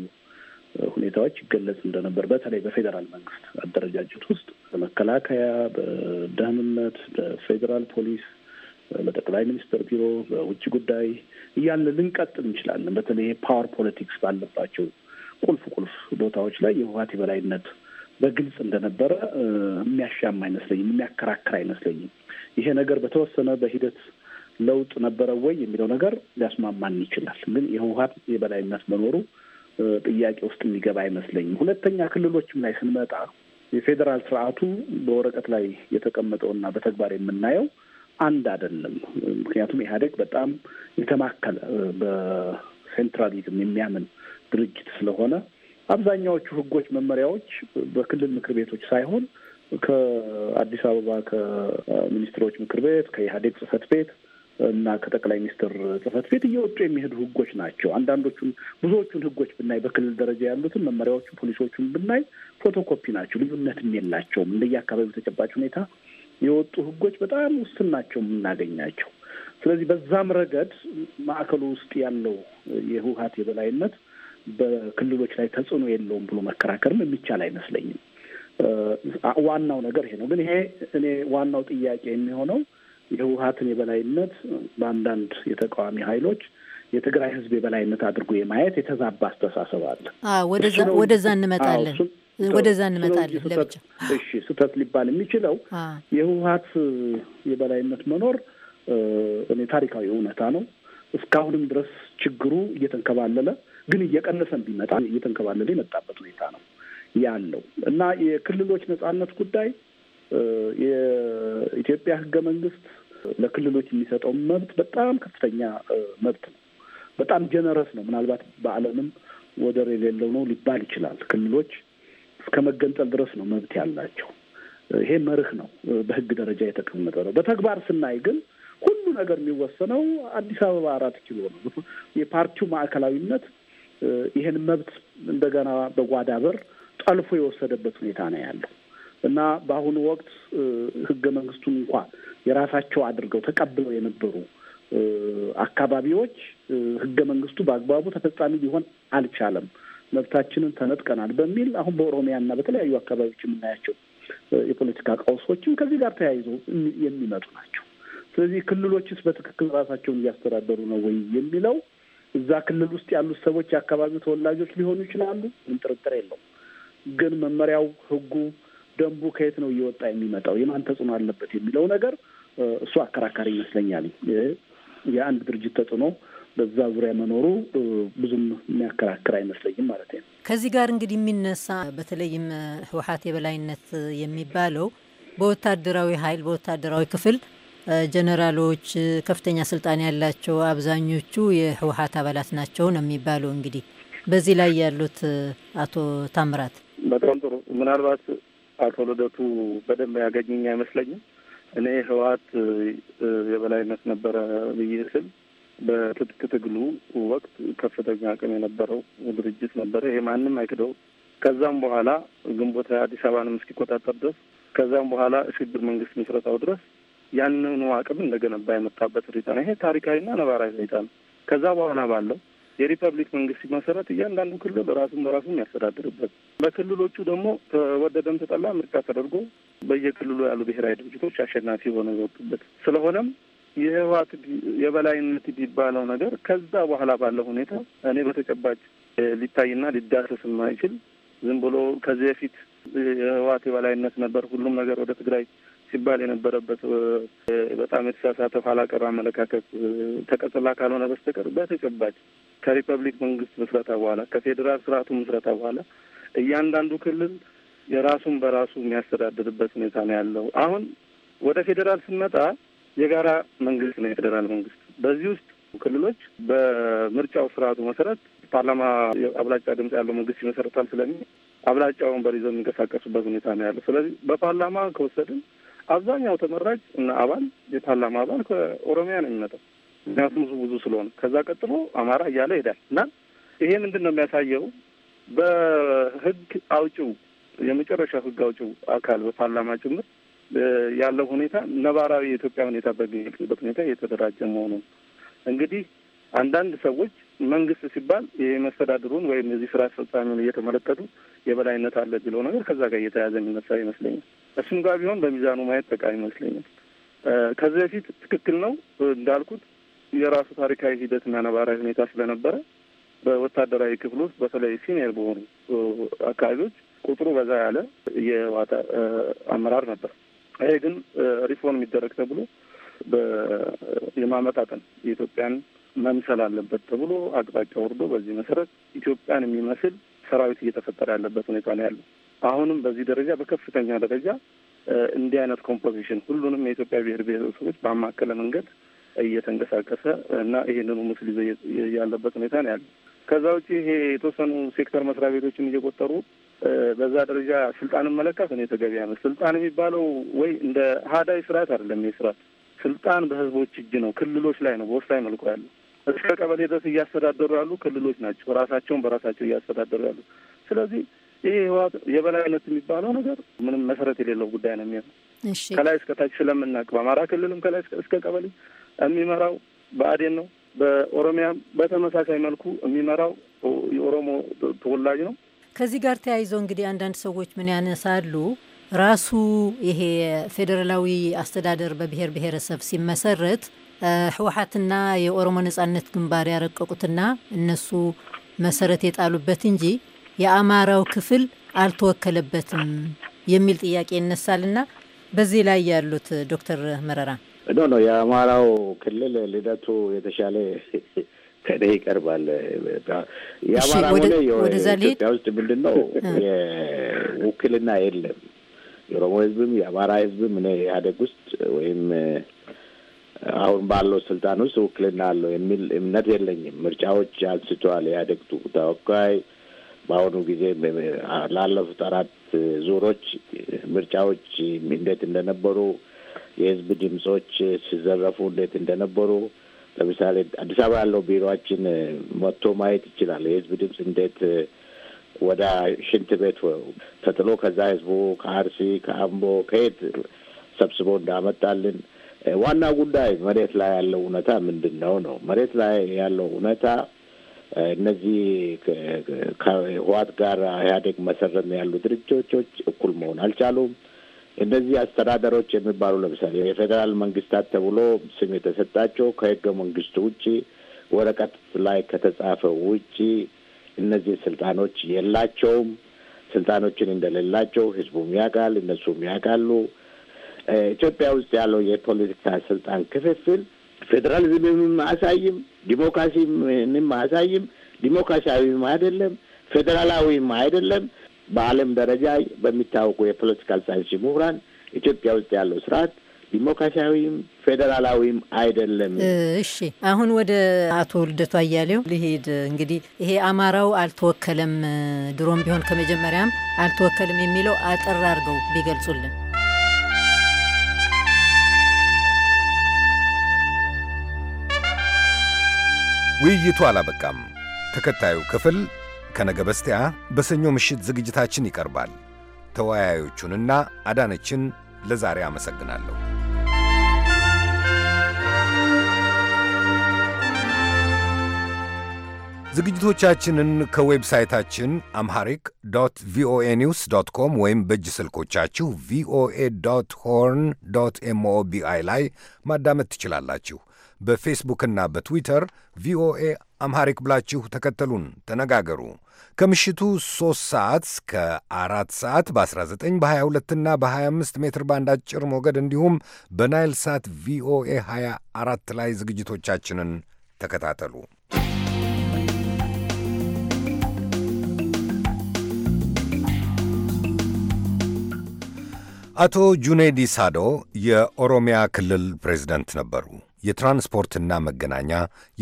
ሁኔታዎች ይገለጽ እንደነበር በተለይ በፌዴራል መንግስት አደረጃጀት ውስጥ በመከላከያ፣ በደህንነት፣ በፌዴራል ፖሊስ፣ በጠቅላይ ሚኒስትር ቢሮ፣ በውጭ ጉዳይ እያለ ልንቀጥል እንችላለን። በተለይ የፓወር ፖለቲክስ ባለባቸው ቁልፍ ቁልፍ ቦታዎች ላይ የህወሀት የበላይነት በግልጽ እንደነበረ የሚያሻም አይመስለኝም፣ የሚያከራክር አይመስለኝም። ይሄ ነገር በተወሰነ በሂደት ለውጥ ነበረ ወይ የሚለው ነገር ሊያስማማን ይችላል። ግን የህወሀት የበላይነት መኖሩ ጥያቄ ውስጥ የሚገባ አይመስለኝም። ሁለተኛ ክልሎችም ላይ ስንመጣ የፌዴራል ስርዓቱ በወረቀት ላይ የተቀመጠውና በተግባር የምናየው አንድ አይደለም። ምክንያቱም ኢህአዴግ በጣም የተማከለ በሴንትራሊዝም የሚያምን ድርጅት ስለሆነ አብዛኛዎቹ ህጎች መመሪያዎች በክልል ምክር ቤቶች ሳይሆን ከአዲስ አበባ ከሚኒስትሮች ምክር ቤት ከኢህአዴግ ጽህፈት ቤት እና ከጠቅላይ ሚኒስትር ጽህፈት ቤት እየወጡ የሚሄዱ ህጎች ናቸው። አንዳንዶቹን ብዙዎቹን ህጎች ብናይ በክልል ደረጃ ያሉትን መመሪያዎቹ፣ ፖሊሶቹን ብናይ ፎቶኮፒ ናቸው። ልዩነትም የላቸውም። እንደየአካባቢው ተጨባጭ ሁኔታ የወጡ ህጎች በጣም ውስን ናቸው የምናገኛቸው። ስለዚህ በዛም ረገድ ማዕከሉ ውስጥ ያለው የህውሀት የበላይነት በክልሎች ላይ ተጽዕኖ የለውም ብሎ መከራከርም የሚቻል አይመስለኝም። ዋናው ነገር ይሄ ነው። ግን ይሄ እኔ ዋናው ጥያቄ የሚሆነው የህወሀትን የበላይነት በአንዳንድ የተቃዋሚ ኃይሎች የትግራይ ህዝብ የበላይነት አድርጎ የማየት የተዛባ አስተሳሰብ አለ። ወደዛ እንመጣለን ወደዛ እንመጣለን። ለብቻ እሺ፣ ስህተት ሊባል የሚችለው የህወሀት የበላይነት መኖር እኔ ታሪካዊ እውነታ ነው። እስካሁንም ድረስ ችግሩ እየተንከባለለ ግን እየቀነሰን ቢመጣ እየተንከባለለ የመጣበት ሁኔታ ነው ያለው እና የክልሎች ነጻነት ጉዳይ የኢትዮጵያ ህገ መንግስት ለክልሎች የሚሰጠው መብት በጣም ከፍተኛ መብት ነው። በጣም ጀነረስ ነው። ምናልባት በዓለምም ወደር የሌለው ነው ሊባል ይችላል። ክልሎች እስከ መገንጠል ድረስ ነው መብት ያላቸው። ይሄ መርህ ነው፣ በህግ ደረጃ የተቀመጠ ነው። በተግባር ስናይ ግን ሁሉ ነገር የሚወሰነው አዲስ አበባ አራት ኪሎ ነው። የፓርቲው ማዕከላዊነት ይህን መብት እንደገና በጓዳ በር ጠልፎ የወሰደበት ሁኔታ ነው ያለው እና በአሁኑ ወቅት ህገ መንግስቱን እንኳ የራሳቸው አድርገው ተቀብለው የነበሩ አካባቢዎች ህገ መንግስቱ በአግባቡ ተፈጻሚ ሊሆን አልቻለም፣ መብታችንን ተነጥቀናል በሚል አሁን በኦሮሚያና በተለያዩ አካባቢዎች የምናያቸው የፖለቲካ ቀውሶችም ከዚህ ጋር ተያይዘው የሚመጡ ናቸው። ስለዚህ ክልሎችስ በትክክል ራሳቸውን እያስተዳደሩ ነው ወይ የሚለው እዛ ክልል ውስጥ ያሉት ሰዎች የአካባቢው ተወላጆች ሊሆኑ ይችላሉ፣ ምን ጥርጥር የለውም። ግን መመሪያው፣ ህጉ፣ ደንቡ ከየት ነው እየወጣ የሚመጣው የማን ተጽዕኖ አለበት የሚለው ነገር እሱ አከራካሪ ይመስለኛል። የአንድ ድርጅት ተጽዕኖ በዛ ዙሪያ መኖሩ ብዙም የሚያከራክር አይመስለኝም ማለት ነው። ከዚህ ጋር እንግዲህ የሚነሳ በተለይም ህወሀት የበላይነት የሚባለው በወታደራዊ ኃይል በወታደራዊ ክፍል ጀነራሎች፣ ከፍተኛ ስልጣን ያላቸው አብዛኞቹ የህወሀት አባላት ናቸው ነው የሚባለው። እንግዲህ በዚህ ላይ ያሉት አቶ ታምራት በጣም ጥሩ። ምናልባት አቶ ልደቱ በደንብ ያገኘኝ አይመስለኝም። እኔ ህወሀት የበላይነት ነበረ ብዬ ስል በትጥቅ ትግሉ ወቅት ከፍተኛ አቅም የነበረው ድርጅት ነበረ። ይሄ ማንም አይክደው። ከዛም በኋላ ግንቦት አዲስ አበባንም እስኪቆጣጠር ድረስ ከዛም በኋላ ሽግግር መንግስት ምስረታው ድረስ ያንኑ አቅም እንደገነባ የመጣበት ሁኔታ ነው። ይሄ ታሪካዊና ነባራዊ ሁኔታ ነው። ከዛ በኋላ ባለው የሪፐብሊክ መንግስት ሲመሰረት እያንዳንዱ ክልል ራሱን በራሱ የሚያስተዳድርበት በክልሎቹ ደግሞ ተወደደም ተጠላ ምርጫ ተደርጎ በየክልሉ ያሉ ብሔራዊ ድርጅቶች አሸናፊ ሆነ የወጡበት ስለሆነም የህወሓት የበላይነት የሚባለው ነገር ከዛ በኋላ ባለው ሁኔታ እኔ በተጨባጭ ሊታይና ሊዳሰስ የማይችል ዝም ብሎ ከዚህ በፊት የህወሓት የበላይነት ነበር፣ ሁሉም ነገር ወደ ትግራይ ሲባል የነበረበት በጣም የተሳሳተ ኋላ አመለካከት ተቀጽላ ካልሆነ በስተቀር በተጨባጭ ከሪፐብሊክ መንግስት ምስረታ በኋላ ከፌዴራል ስርዓቱ ምስረታ በኋላ እያንዳንዱ ክልል የራሱን በራሱ የሚያስተዳድርበት ሁኔታ ነው ያለው። አሁን ወደ ፌዴራል ስንመጣ የጋራ መንግስት ነው የፌዴራል መንግስት። በዚህ ውስጥ ክልሎች በምርጫው ስርዓቱ መሰረት ፓርላማ አብላጫ ድምጽ ያለው መንግስት ይመሰረታል ስለሚ አብላጫውን በሪዞ የሚንቀሳቀሱበት ሁኔታ ነው ያለው። ስለዚህ በፓርላማ ከወሰድን አብዛኛው ተመራጭ እና አባል የፓርላማ አባል ከኦሮሚያ ነው የሚመጣው፣ ምክንያቱም ህዝቡ ብዙ ስለሆነ ከዛ ቀጥሎ አማራ እያለ ይሄዳል እና ይሄ ምንድን ነው የሚያሳየው በህግ አውጭው የመጨረሻ ህግ አውጭው አካል በፓርላማ ጭምር ያለው ሁኔታ ነባራዊ የኢትዮጵያ ሁኔታ በሚልበት ሁኔታ እየተደራጀ መሆኑ እንግዲህ አንዳንድ ሰዎች መንግስት ሲባል የመስተዳድሩን ወይም የዚህ ስራ አስፈጻሚውን እየተመለከቱ የበላይነት አለ ብለው ነገር ከዛ ጋር እየተያዘ የሚነሳ ይመስለኛል። እሱም ጋር ቢሆን በሚዛኑ ማየት ጠቃሚ ይመስለኛል። ከዚህ በፊት ትክክል ነው እንዳልኩት የራሱ ታሪካዊ ሂደትና ነባራዊ ሁኔታ ስለነበረ በወታደራዊ ክፍል ውስጥ በተለይ ሲኒየር በሆኑ አካባቢዎች ቁጥሩ በዛ ያለ የዋታ አመራር ነበር። ይሄ ግን ሪፎርም ይደረግ ተብሎ የማመጣጠን የኢትዮጵያን መምሰል አለበት ተብሎ አቅጣጫ ወርዶ በዚህ መሰረት ኢትዮጵያን የሚመስል ሰራዊት እየተፈጠረ ያለበት ሁኔታ ነው ያለው። አሁንም በዚህ ደረጃ በከፍተኛ ደረጃ እንዲህ አይነት ኮምፖዚሽን ሁሉንም የኢትዮጵያ ብሔር ብሔረሰቦች ባማከለ መንገድ እየተንቀሳቀሰ እና ይህንኑ ምስል ይዘ ያለበት ሁኔታ ነው ያለው። ከዛ ውጭ ይሄ የተወሰኑ ሴክተር መስሪያ ቤቶችን እየቆጠሩ በዛ ደረጃ ስልጣን መለካት እኔ ተገቢ አይነት ስልጣን የሚባለው ወይ እንደ ሀዳይ ስርዓት አይደለም። ይህ ስርዓት ስልጣን በህዝቦች እጅ ነው፣ ክልሎች ላይ ነው በወሳኝ መልኩ ያለው እስከ ቀበሌ ድረስ እያስተዳደሩ ያሉ ክልሎች ናቸው፣ ራሳቸውን በራሳቸው እያስተዳደሩ ያሉ። ስለዚህ ይህ ህወሓት የበላይነት የሚባለው ነገር ምንም መሰረት የሌለው ጉዳይ ነው የሚሆነው ከላይ ታች ስለምናውቅ በአማራ ክልልም ከላይ እስከ ቀበሌ የሚመራው በአዴን ነው። በኦሮሚያም በተመሳሳይ መልኩ የሚመራው የኦሮሞ ተወላጅ ነው። ከዚህ ጋር ተያይዞ እንግዲህ አንዳንድ ሰዎች ምን ያነሳሉ፣ ራሱ ይሄ ፌዴራላዊ አስተዳደር በብሔር ብሔረሰብ ሲመሰረት ህወሓትና የኦሮሞ ነጻነት ግንባር ያረቀቁትና እነሱ መሰረት የጣሉበት እንጂ የአማራው ክፍል አልተወከለበትም የሚል ጥያቄ ይነሳልና በዚህ ላይ ያሉት ዶክተር መረራ ኖ ኖ የአማራው ክልል ልደቱ የተሻለ ከደ ይቀርባል። የአማራ ሆነ ኢትዮጵያ ውስጥ ምንድን ነው ውክልና የለም። የኦሮሞ ህዝብም የአማራ ህዝብም ኢህአዴግ ውስጥ ወይም አሁን ባለው ስልጣን ውስጥ ውክልና አለው የሚል እምነት የለኝም። ምርጫዎች አንስቷል። ኢህአዴግ ተወካይ በአሁኑ ጊዜ ላለፉት አራት ዙሮች ምርጫዎች እንዴት እንደነበሩ፣ የህዝብ ድምፆች ሲዘረፉ እንዴት እንደነበሩ ለምሳሌ አዲስ አበባ ያለው ቢሮችን መጥቶ ማየት ይችላል። የህዝብ ድምፅ እንዴት ወደ ሽንት ቤት ተጥሎ ከዛ ህዝቡ ከአርሲ ከአምቦ ከየት ሰብስቦ እንዳመጣልን ዋና ጉዳይ መሬት ላይ ያለው እውነታ ምንድን ነው ነው። መሬት ላይ ያለው እውነታ እነዚህ ከህዋት ጋር ኢህአዴግ መሰረት ያሉ ድርጅቶች እኩል መሆን አልቻሉም። እነዚህ አስተዳደሮች የሚባሉ ለምሳሌ የፌዴራል መንግስታት ተብሎ ስም የተሰጣቸው ከህገ መንግስቱ ውጭ ወረቀት ላይ ከተጻፈ ውጭ እነዚህ ስልጣኖች የላቸውም። ስልጣኖችን እንደሌላቸው ህዝቡም ያውቃል፣ እነሱም ያውቃሉ። ኢትዮጵያ ውስጥ ያለው የፖለቲካ ስልጣን ክፍፍል ፌዴራሊዝምም አያሳይም፣ ዲሞክራሲንም አያሳይም፣ ዲሞክራሲያዊም አይደለም፣ ፌዴራላዊም አይደለም። በዓለም ደረጃ በሚታወቁ የፖለቲካል ሳይንስ ምሁራን ኢትዮጵያ ውስጥ ያለው ስርዓት ዲሞክራሲያዊም ፌዴራላዊም አይደለም። እሺ አሁን ወደ አቶ ልደቱ አያሌው ልሄድ። እንግዲህ ይሄ አማራው አልተወከለም፣ ድሮም ቢሆን ከመጀመሪያም አልተወከልም የሚለው አጠር አድርገው ቢገልጹልን። ውይይቱ አላበቃም። ተከታዩ ክፍል ከነገ በስቲያ በሰኞ ምሽት ዝግጅታችን ይቀርባል። ተወያዮቹንና አዳነችን ለዛሬ አመሰግናለሁ። ዝግጅቶቻችንን ከዌብሳይታችን አምሃሪክ ዶት ቪኦኤ ኒውስ ዶት ኮም ወይም በእጅ ስልኮቻችሁ ቪኦኤ ዶት ሆርን ዶት ኤምኦቢአይ ላይ ማዳመጥ ትችላላችሁ። በፌስቡክና በትዊተር ቪኦኤ አምሃሪክ ብላችሁ ተከተሉን፣ ተነጋገሩ። ከምሽቱ 3 ሰዓት እስከ 4 ሰዓት በ19 በ22ና በ25 ሜትር ባንድ አጭር ሞገድ እንዲሁም በናይል ሳት ቪኦኤ 24 ላይ ዝግጅቶቻችንን ተከታተሉ። አቶ ጁኔዲ ሳዶ የኦሮሚያ ክልል ፕሬዝደንት ነበሩ። የትራንስፖርትና መገናኛ፣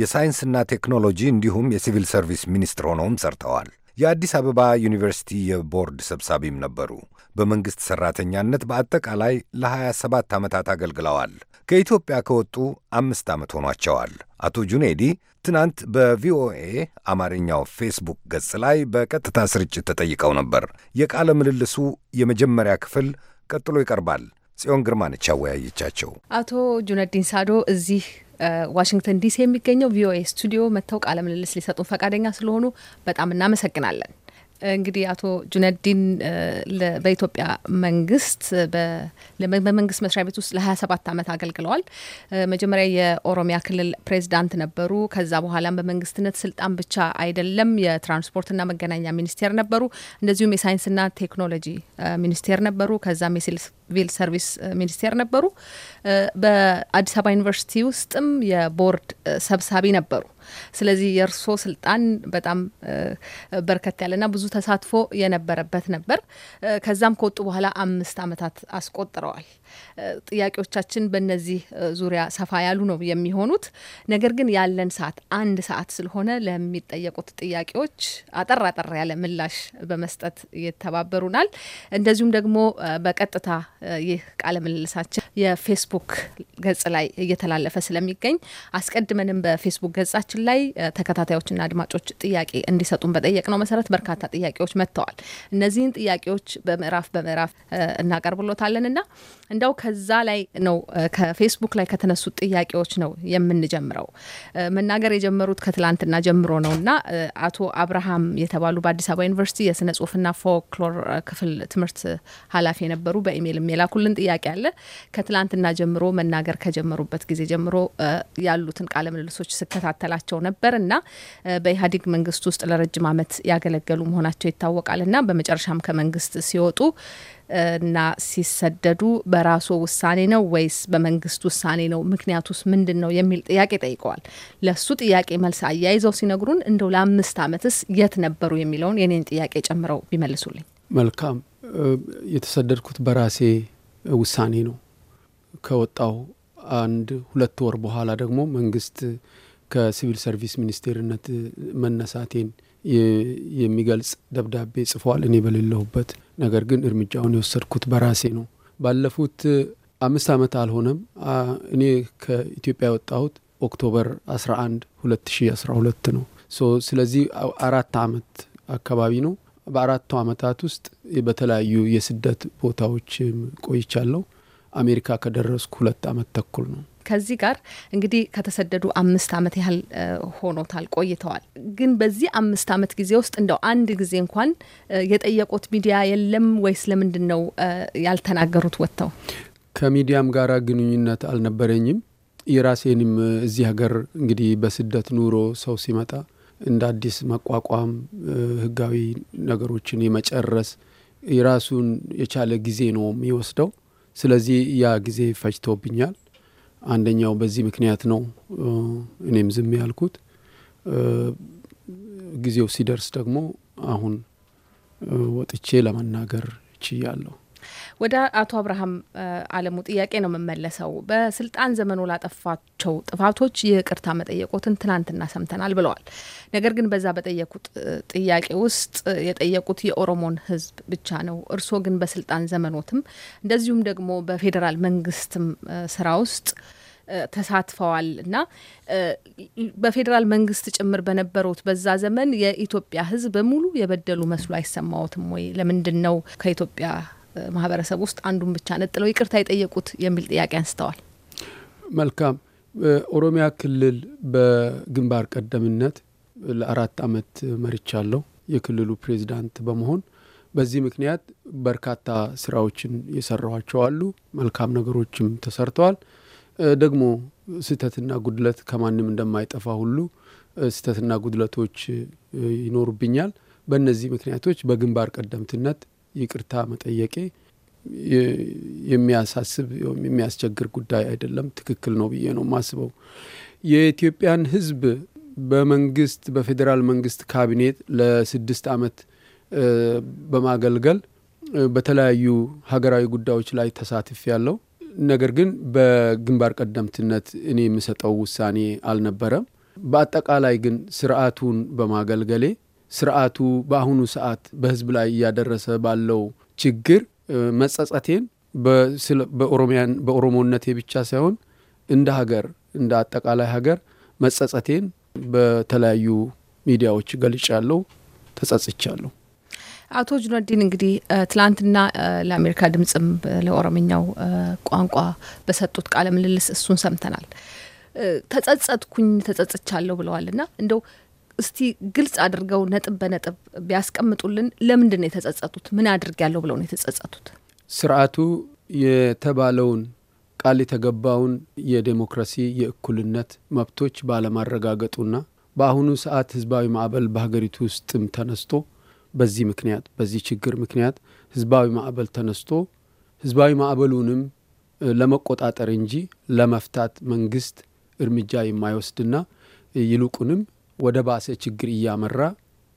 የሳይንስና ቴክኖሎጂ እንዲሁም የሲቪል ሰርቪስ ሚኒስትር ሆነውም ሰርተዋል። የአዲስ አበባ ዩኒቨርሲቲ የቦርድ ሰብሳቢም ነበሩ። በመንግሥት ሠራተኛነት በአጠቃላይ ለ27 ዓመታት አገልግለዋል። ከኢትዮጵያ ከወጡ አምስት ዓመት ሆኗቸዋል። አቶ ጁኔዲ ትናንት በቪኦኤ አማርኛው ፌስቡክ ገጽ ላይ በቀጥታ ስርጭት ተጠይቀው ነበር። የቃለ ምልልሱ የመጀመሪያ ክፍል ቀጥሎ ይቀርባል። ጽዮን ግርማ ነች ያወያየቻቸው። አቶ ጁነዲን ሳዶ እዚህ ዋሽንግተን ዲሲ የሚገኘው ቪኦኤ ስቱዲዮ መጥተው ቃለ ምልልስ ሊሰጡን ፈቃደኛ ስለሆኑ በጣም እናመሰግናለን። እንግዲህ አቶ ጁነዲን በኢትዮጵያ መንግስት በመንግስት መስሪያ ቤት ውስጥ ለ ሰባት ዓመት አገልግለዋል። መጀመሪያ የኦሮሚያ ክልል ፕሬዚዳንት ነበሩ። ከዛ በኋላም በመንግስትነት ስልጣን ብቻ አይደለም የትራንስፖርትና መገናኛ ሚኒስቴር ነበሩ። እንደዚሁም የሳይንስና ቴክኖሎጂ ሚኒስቴር ነበሩ። ከዛም ሲቪል ሰርቪስ eh, ሚኒስቴር ነበሩ። eh, በአዲስ አበባ ዩኒቨርሲቲ ውስጥም የቦርድ eh, ሰብሳቢ ነበሩ። ስለዚህ የእርሶ ስልጣን በጣም በርከት ያለና ብዙ ተሳትፎ የነበረበት ነበር። ከዛም ከወጡ በኋላ አምስት ዓመታት አስቆጥረዋል። ጥያቄዎቻችን በነዚህ ዙሪያ ሰፋ ያሉ ነው የሚሆኑት። ነገር ግን ያለን ሰዓት አንድ ሰዓት ስለሆነ ለሚጠየቁት ጥያቄዎች አጠር አጠር ያለ ምላሽ በመስጠት ይተባበሩናል። እንደዚሁም ደግሞ በቀጥታ ይህ ቃለ ምልልሳችን የፌስቡክ ገጽ ላይ እየተላለፈ ስለሚገኝ አስቀድመንም በፌስቡክ ገጻችን ላይ ተከታታዮችና አድማጮች ጥያቄ እንዲሰጡን በጠየቅነው መሰረት በርካታ ጥያቄዎች መጥተዋል። እነዚህን ጥያቄዎች በምዕራፍ በምዕራፍ እናቀርብሎታለንና እንደ እንደው ከዛ ላይ ነው ከፌስቡክ ላይ ከተነሱት ጥያቄዎች ነው የምንጀምረው። መናገር የጀመሩት ከትላንትና ጀምሮ ነው እና አቶ አብርሃም የተባሉ በአዲስ አበባ ዩኒቨርሲቲ የስነ ጽሁፍና ፎክሎር ክፍል ትምህርት ኃላፊ የነበሩ በኢሜይልም የላኩልን ጥያቄ አለ። ከትላንትና ጀምሮ መናገር ከጀመሩበት ጊዜ ጀምሮ ያሉትን ቃለ ምልልሶች ስከታተላቸው ነበር እና በኢህአዴግ መንግስት ውስጥ ለረጅም ዓመት ያገለገሉ መሆናቸው ይታወቃል እና በመጨረሻም ከመንግስት ሲወጡ እና ሲሰደዱ በራሱ ውሳኔ ነው ወይስ በመንግስት ውሳኔ ነው? ምክንያቱስ ምንድን ነው የሚል ጥያቄ ጠይቀዋል። ለሱ ጥያቄ መልስ አያይዘው ሲነግሩን እንደው ለአምስት ዓመትስ የት ነበሩ የሚለውን የኔን ጥያቄ ጨምረው ቢመልሱልኝ መልካም። የተሰደድኩት በራሴ ውሳኔ ነው። ከወጣው አንድ ሁለት ወር በኋላ ደግሞ መንግስት ከሲቪል ሰርቪስ ሚኒስቴርነት መነሳቴን የሚገልጽ ደብዳቤ ጽፏል እኔ በሌለሁበት ነገር ግን እርምጃውን የወሰድኩት በራሴ ነው። ባለፉት አምስት ዓመት አልሆነም። እኔ ከኢትዮጵያ የወጣሁት ኦክቶበር 11 2012 ነው። ስለዚህ አራት ዓመት አካባቢ ነው። በአራቱ ዓመታት ውስጥ በተለያዩ የስደት ቦታዎች ቆይቻለሁ። አሜሪካ ከደረስኩ ሁለት ዓመት ተኩል ነው። ከዚህ ጋር እንግዲህ ከተሰደዱ አምስት ዓመት ያህል ሆኖታል ቆይተዋል። ግን በዚህ አምስት ዓመት ጊዜ ውስጥ እንደው አንድ ጊዜ እንኳን የጠየቁት ሚዲያ የለም ወይስ ለምንድን ነው ያልተናገሩት ወጥተው? ከሚዲያም ጋር ግንኙነት አልነበረኝም። የራሴንም እዚህ ሀገር እንግዲህ በስደት ኑሮ ሰው ሲመጣ እንደ አዲስ መቋቋም ህጋዊ ነገሮችን የመጨረስ የራሱን የቻለ ጊዜ ነው የሚወስደው። ስለዚህ ያ ጊዜ ፈጅቶብኛል። አንደኛው በዚህ ምክንያት ነው እኔም ዝም ያልኩት። ጊዜው ሲደርስ ደግሞ አሁን ወጥቼ ለመናገር ችያለሁ። ወደ አቶ አብርሃም አለሙ ጥያቄ ነው የምመለሰው። በስልጣን ዘመኑ ላጠፋቸው ጥፋቶች ይቅርታ መጠየቆትን ትናንትና ሰምተናል ብለዋል። ነገር ግን በዛ በጠየቁት ጥያቄ ውስጥ የጠየቁት የኦሮሞን ሕዝብ ብቻ ነው። እርስዎ ግን በስልጣን ዘመኖትም እንደዚሁም ደግሞ በፌዴራል መንግስትም ስራ ውስጥ ተሳትፈዋል እና በፌዴራል መንግስት ጭምር በነበሩት በዛ ዘመን የኢትዮጵያ ህዝብ በሙሉ የበደሉ መስሉ አይሰማዎትም ወይ? ለምንድን ነው ከኢትዮጵያ ማህበረሰብ ውስጥ አንዱን ብቻ ነጥለው ይቅርታ የጠየቁት የሚል ጥያቄ አንስተዋል። መልካም። ኦሮሚያ ክልል በግንባር ቀደምነት ለአራት አመት መርቻለሁ የክልሉ ፕሬዚዳንት በመሆን በዚህ ምክንያት በርካታ ስራዎችን የሰራኋቸው አሉ። መልካም ነገሮችም ተሰርተዋል። ደግሞ ስህተትና ጉድለት ከማንም እንደማይጠፋ ሁሉ ስህተትና ጉድለቶች ይኖሩብኛል። በእነዚህ ምክንያቶች በግንባር ቀደምትነት ይቅርታ መጠየቄ የሚያሳስብ የሚያስቸግር ጉዳይ አይደለም፣ ትክክል ነው ብዬ ነው የማስበው። የኢትዮጵያን ሕዝብ በመንግስት በፌዴራል መንግስት ካቢኔት ለስድስት ዓመት በማገልገል በተለያዩ ሀገራዊ ጉዳዮች ላይ ተሳትፍ ያለው ነገር ግን በግንባር ቀደምትነት እኔ የምሰጠው ውሳኔ አልነበረም። በአጠቃላይ ግን ስርዓቱን በማገልገሌ ስርዓቱ በአሁኑ ሰዓት በህዝብ ላይ እያደረሰ ባለው ችግር መጸጸቴን በኦሮሞነቴ ብቻ ሳይሆን እንደ ሀገር እንደ አጠቃላይ ሀገር መጸጸቴን በተለያዩ ሚዲያዎች ያለው ተጸጽቻለሁ። አቶ ጁነዲን እንግዲህ ትላንትና ለአሜሪካ ድምጽም ለኦሮምኛው ቋንቋ በሰጡት ቃለ ምልልስ እሱን ሰምተናል። ተጸጸትኩኝ ተጸጽቻለሁ ብለዋል እና እንደው እስቲ ግልጽ አድርገው ነጥብ በነጥብ ቢያስቀምጡልን ለምንድን ነው የተጸጸቱት? ምን አድርግ ያለው ብለው ነው የተጸጸቱት? ስርዓቱ የተባለውን ቃል የተገባውን የዴሞክራሲ የእኩልነት መብቶች ባለማረጋገጡና በአሁኑ ሰዓት ህዝባዊ ማዕበል በሀገሪቱ ውስጥም ተነስቶ በዚህ ምክንያት በዚህ ችግር ምክንያት ህዝባዊ ማዕበል ተነስቶ ህዝባዊ ማዕበሉንም ለመቆጣጠር እንጂ ለመፍታት መንግስት እርምጃ የማይወስድና ይልቁንም ወደ ባሰ ችግር እያመራ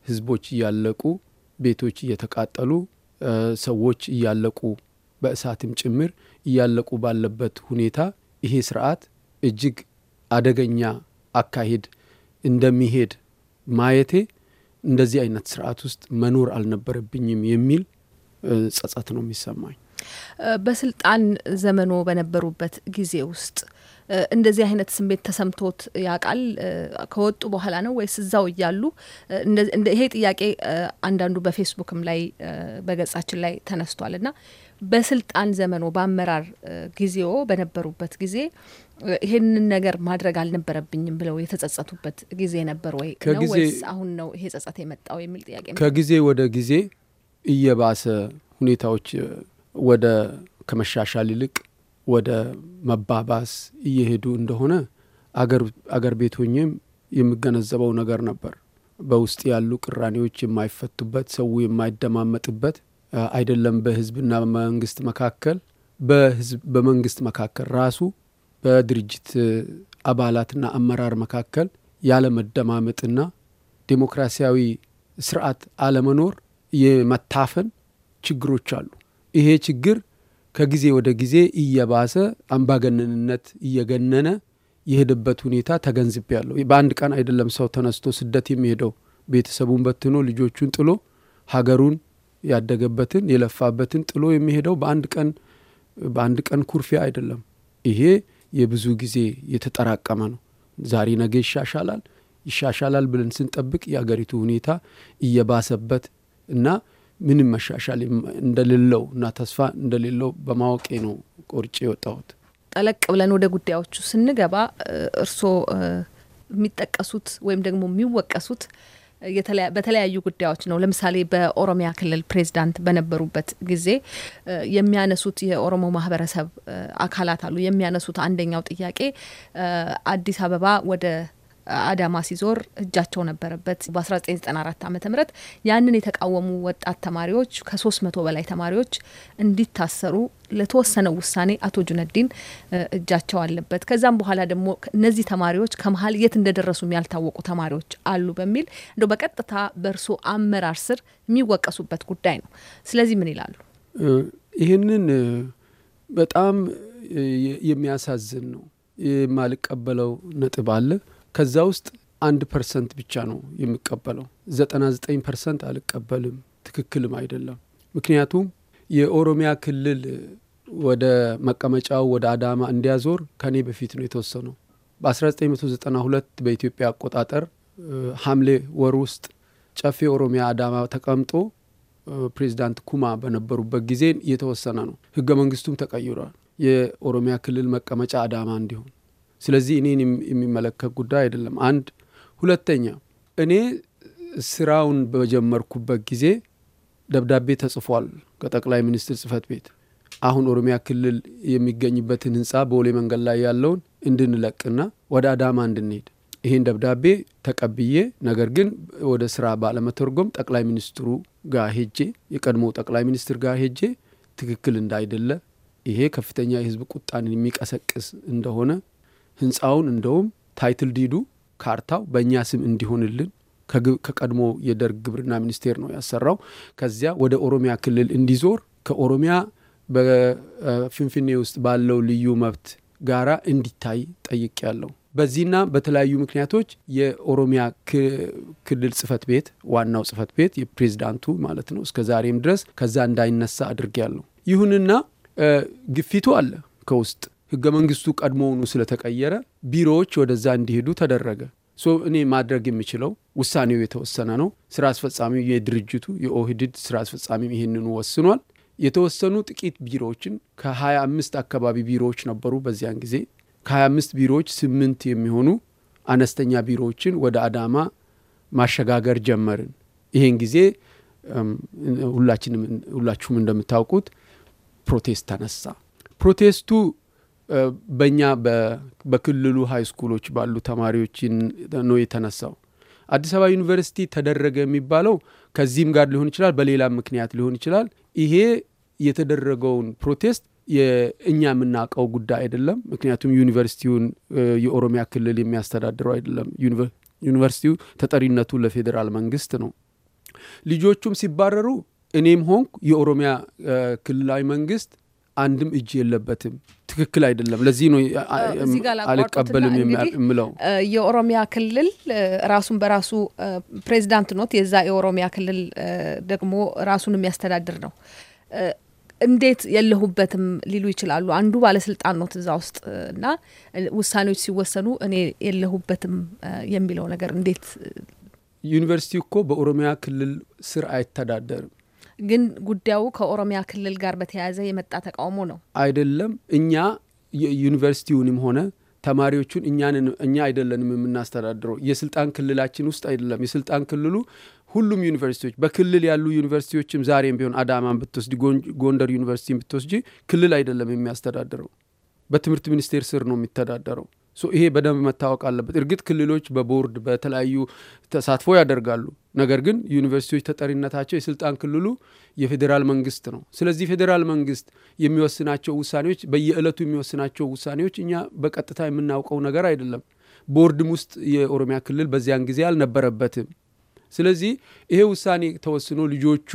ህዝቦች እያለቁ፣ ቤቶች እየተቃጠሉ፣ ሰዎች እያለቁ በእሳትም ጭምር እያለቁ ባለበት ሁኔታ ይሄ ስርዓት እጅግ አደገኛ አካሄድ እንደሚሄድ ማየቴ እንደዚህ አይነት ስርዓት ውስጥ መኖር አልነበረብኝም የሚል ጸጸት ነው የሚሰማኝ። በስልጣን ዘመኖ በነበሩበት ጊዜ ውስጥ እንደዚህ አይነት ስሜት ተሰምቶት ያውቃል? ከወጡ በኋላ ነው ወይስ እዛው እያሉ? ይሄ ጥያቄ አንዳንዱ በፌስቡክም ላይ በገጻችን ላይ ተነስቷል እና በስልጣን ዘመኖ በአመራር ጊዜዎ በነበሩበት ጊዜ ይሄንን ነገር ማድረግ አልነበረብኝም ብለው የተጸጸቱበት ጊዜ ነበር ወይ ወይስ አሁን ነው ይሄ ጸጸት የመጣው የሚል ጥያቄ ከጊዜ ወደ ጊዜ እየባሰ ሁኔታዎች ወደ ከመሻሻል ይልቅ ወደ መባባስ እየሄዱ እንደሆነ አገር ቤት ሆኜም የምገነዘበው ነገር ነበር። በውስጥ ያሉ ቅራኔዎች የማይፈቱበት፣ ሰው የማይደማመጥበት አይደለም በህዝብና በመንግስት መካከል በህዝብ በመንግስት መካከል ራሱ በድርጅት አባላትና አመራር መካከል ያለመደማመጥና ዴሞክራሲያዊ ስርዓት አለመኖር፣ የመታፈን ችግሮች አሉ። ይሄ ችግር ከጊዜ ወደ ጊዜ እየባሰ አምባገነንነት እየገነነ የሄደበት ሁኔታ ተገንዝቤ ያለው በአንድ ቀን አይደለም። ሰው ተነስቶ ስደት የሚሄደው ቤተሰቡን በትኖ ልጆቹን ጥሎ ሀገሩን ያደገበትን የለፋበትን ጥሎ የሚሄደው በአንድ ቀን በአንድ ቀን ኩርፊያ አይደለም ይሄ የብዙ ጊዜ የተጠራቀመ ነው። ዛሬ ነገ ይሻሻላል ይሻሻላል ብለን ስንጠብቅ የአገሪቱ ሁኔታ እየባሰበት እና ምንም መሻሻል እንደሌለው እና ተስፋ እንደሌለው በማወቄ ነው ቆርጭ የወጣሁት። ጠለቅ ብለን ወደ ጉዳዮቹ ስንገባ እርስ የሚጠቀሱት ወይም ደግሞ የሚወቀሱት በተለያዩ ጉዳዮች ነው። ለምሳሌ በኦሮሚያ ክልል ፕሬዚዳንት በነበሩበት ጊዜ የሚያነሱት የኦሮሞ ማህበረሰብ አካላት አሉ። የሚያነሱት አንደኛው ጥያቄ አዲስ አበባ ወደ አዳማ ሲዞር እጃቸው ነበረበት። በ1994 ዓ ም ያንን የተቃወሙ ወጣት ተማሪዎች ከሶስት መቶ በላይ ተማሪዎች እንዲታሰሩ ለተወሰነ ውሳኔ አቶ ጁነዲን እጃቸው አለበት። ከዛም በኋላ ደግሞ እነዚህ ተማሪዎች ከመሀል የት እንደደረሱም ያልታወቁ ተማሪዎች አሉ በሚል እንደው በቀጥታ በእርሶ አመራር ስር የሚወቀሱበት ጉዳይ ነው። ስለዚህ ምን ይላሉ? ይህንን በጣም የሚያሳዝን ነው። የማልቀበለው ነጥብ አለ። ከዛ ውስጥ አንድ ፐርሰንት ብቻ ነው የሚቀበለው። ዘጠና ዘጠኝ ፐርሰንት አልቀበልም፣ ትክክልም አይደለም። ምክንያቱም የኦሮሚያ ክልል ወደ መቀመጫው ወደ አዳማ እንዲያዞር ከኔ በፊት ነው የተወሰነው። በ1992 በኢትዮጵያ አቆጣጠር ሐምሌ ወር ውስጥ ጨፌ ኦሮሚያ አዳማ ተቀምጦ ፕሬዚዳንት ኩማ በነበሩበት ጊዜ የተወሰነ ነው። ህገ መንግስቱም ተቀይሯል። የኦሮሚያ ክልል መቀመጫ አዳማ እንዲሆን ስለዚህ እኔን የሚመለከት ጉዳይ አይደለም። አንድ ሁለተኛ፣ እኔ ስራውን በጀመርኩበት ጊዜ ደብዳቤ ተጽፏል ከጠቅላይ ሚኒስትር ጽፈት ቤት አሁን ኦሮሚያ ክልል የሚገኝበትን ህንፃ በወሌ መንገድ ላይ ያለውን እንድንለቅና ወደ አዳማ እንድንሄድ ይህን ደብዳቤ ተቀብዬ ነገር ግን ወደ ስራ ባለመተርጎም ጠቅላይ ሚኒስትሩ ጋር ሄጄ የቀድሞ ጠቅላይ ሚኒስትር ጋር ሄጄ ትክክል እንዳይደለ ይሄ ከፍተኛ የህዝብ ቁጣን የሚቀሰቅስ እንደሆነ ህንፃውን እንደውም ታይትል ዲዱ ካርታው በእኛ ስም እንዲሆንልን ከቀድሞ የደርግ ግብርና ሚኒስቴር ነው ያሰራው። ከዚያ ወደ ኦሮሚያ ክልል እንዲዞር ከኦሮሚያ በፊንፊኔ ውስጥ ባለው ልዩ መብት ጋራ እንዲታይ ጠይቅ ያለው በዚህና በተለያዩ ምክንያቶች የኦሮሚያ ክልል ጽፈት ቤት ዋናው ጽፈት ቤት የፕሬዚዳንቱ ማለት ነው እስከ ዛሬም ድረስ ከዛ እንዳይነሳ አድርጌ ያለው። ይሁንና ግፊቱ አለ ከውስጥ ህገ መንግስቱ ቀድሞውኑ ስለተቀየረ ቢሮዎች ወደዛ እንዲሄዱ ተደረገ። ሶ እኔ ማድረግ የምችለው ውሳኔው የተወሰነ ነው። ስራ አስፈጻሚው የድርጅቱ የኦህድድ ስራ አስፈጻሚ ይህንኑ ወስኗል። የተወሰኑ ጥቂት ቢሮዎችን ከ25 አካባቢ ቢሮዎች ነበሩ በዚያን ጊዜ ከ25 ቢሮዎች ስምንት የሚሆኑ አነስተኛ ቢሮዎችን ወደ አዳማ ማሸጋገር ጀመርን። ይህን ጊዜ ሁላችንም ሁላችሁም እንደምታውቁት ፕሮቴስት ተነሳ። ፕሮቴስቱ በእኛ በክልሉ ሀይ ስኩሎች ባሉ ተማሪዎች ነው የተነሳው። አዲስ አበባ ዩኒቨርሲቲ ተደረገ የሚባለው ከዚህም ጋር ሊሆን ይችላል፣ በሌላም ምክንያት ሊሆን ይችላል። ይሄ የተደረገውን ፕሮቴስት የእኛ የምናውቀው ጉዳይ አይደለም። ምክንያቱም ዩኒቨርሲቲውን የኦሮሚያ ክልል የሚያስተዳድረው አይደለም። ዩኒቨርሲቲው ተጠሪነቱ ለፌዴራል መንግስት ነው። ልጆቹም ሲባረሩ እኔም ሆንኩ የኦሮሚያ ክልላዊ መንግስት አንድም እጅ የለበትም። ትክክል አይደለም። ለዚህ ነው አልቀበልም የምለው። የኦሮሚያ ክልል ራሱን በራሱ ፕሬዚዳንት ኖት፣ የዛ የኦሮሚያ ክልል ደግሞ ራሱን የሚያስተዳድር ነው። እንዴት የለሁበትም ሊሉ ይችላሉ። አንዱ ባለስልጣን ኖት እዛ ውስጥ እና ውሳኔዎች ሲወሰኑ እኔ የለሁበትም የሚለው ነገር እንዴት ዩኒቨርሲቲ እኮ በኦሮሚያ ክልል ስር አይተዳደርም ግን ጉዳዩ ከኦሮሚያ ክልል ጋር በተያያዘ የመጣ ተቃውሞ ነው አይደለም። እኛ ዩኒቨርሲቲውንም ሆነ ተማሪዎቹን እኛንን እኛ አይደለንም የምናስተዳድረው። የስልጣን ክልላችን ውስጥ አይደለም። የስልጣን ክልሉ ሁሉም ዩኒቨርሲቲዎች በክልል ያሉ ዩኒቨርሲቲዎችም ዛሬም ቢሆን አዳማን ብትወስድ፣ ጎንደር ዩኒቨርሲቲን ብትወስጂ ክልል አይደለም የሚያስተዳድረው። በትምህርት ሚኒስቴር ስር ነው የሚተዳደረው። ይሄ በደንብ መታወቅ አለበት። እርግጥ ክልሎች በቦርድ በተለያዩ ተሳትፎ ያደርጋሉ። ነገር ግን ዩኒቨርሲቲዎች ተጠሪነታቸው የስልጣን ክልሉ የፌዴራል መንግስት ነው። ስለዚህ ፌዴራል መንግስት የሚወስናቸው ውሳኔዎች፣ በየዕለቱ የሚወስናቸው ውሳኔዎች እኛ በቀጥታ የምናውቀው ነገር አይደለም። ቦርድም ውስጥ የኦሮሚያ ክልል በዚያን ጊዜ አልነበረበትም። ስለዚህ ይሄ ውሳኔ ተወስኖ ልጆቹ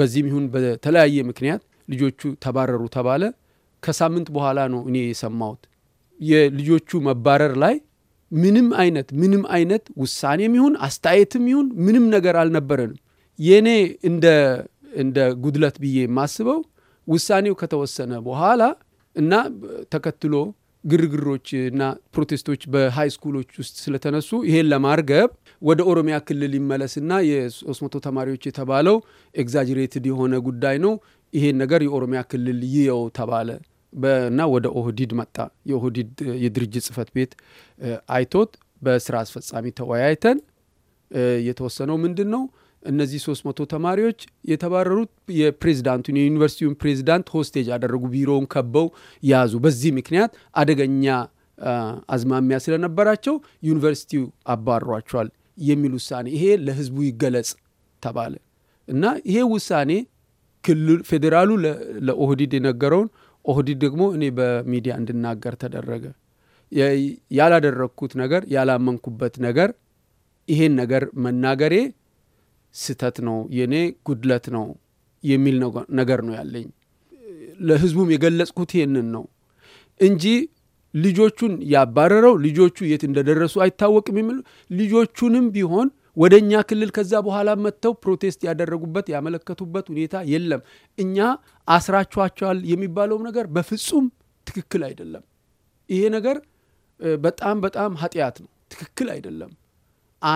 በዚህም ይሁን በተለያየ ምክንያት ልጆቹ ተባረሩ ተባለ። ከሳምንት በኋላ ነው እኔ የሰማሁት የልጆቹ መባረር ላይ ምንም አይነት ምንም አይነት ውሳኔም ይሁን አስተያየትም ይሁን ምንም ነገር አልነበረንም። የእኔ እንደ እንደ ጉድለት ብዬ የማስበው ውሳኔው ከተወሰነ በኋላ እና ተከትሎ ግርግሮች እና ፕሮቴስቶች በሃይ ስኩሎች ውስጥ ስለተነሱ ይሄን ለማርገብ ወደ ኦሮሚያ ክልል ይመለስና የ300 ተማሪዎች የተባለው ኤግዛጅሬትድ የሆነ ጉዳይ ነው፣ ይሄን ነገር የኦሮሚያ ክልል ይየው ተባለ። እና ወደ ኦህዲድ መጣ። የኦህዲድ የድርጅት ጽህፈት ቤት አይቶት በስራ አስፈጻሚ ተወያይተን የተወሰነው ምንድን ነው እነዚህ 300 ተማሪዎች የተባረሩት የፕሬዚዳንቱን የዩኒቨርሲቲውን ፕሬዚዳንት ሆስቴጅ አደረጉ፣ ቢሮውን ከበው ያዙ። በዚህ ምክንያት አደገኛ አዝማሚያ ስለነበራቸው ዩኒቨርሲቲው አባሯቸዋል የሚል ውሳኔ ይሄ ለህዝቡ ይገለጽ ተባለ እና ይሄ ውሳኔ ክልል ፌዴራሉ ለኦህዲድ የነገረውን ኦህዲድ ደግሞ እኔ በሚዲያ እንድናገር ተደረገ። ያላደረግኩት ነገር ያላመንኩበት ነገር ይሄን ነገር መናገሬ ስህተት ነው፣ የእኔ ጉድለት ነው የሚል ነገር ነው ያለኝ። ለህዝቡም የገለጽኩት ይህንን ነው እንጂ ልጆቹን ያባረረው ልጆቹ የት እንደደረሱ አይታወቅም የሚሉ ልጆቹንም ቢሆን ወደ እኛ ክልል ከዛ በኋላ መጥተው ፕሮቴስት ያደረጉበት ያመለከቱበት ሁኔታ የለም። እኛ አስራችኋቸዋል የሚባለውም ነገር በፍጹም ትክክል አይደለም። ይሄ ነገር በጣም በጣም ኃጢአት ነው፣ ትክክል አይደለም።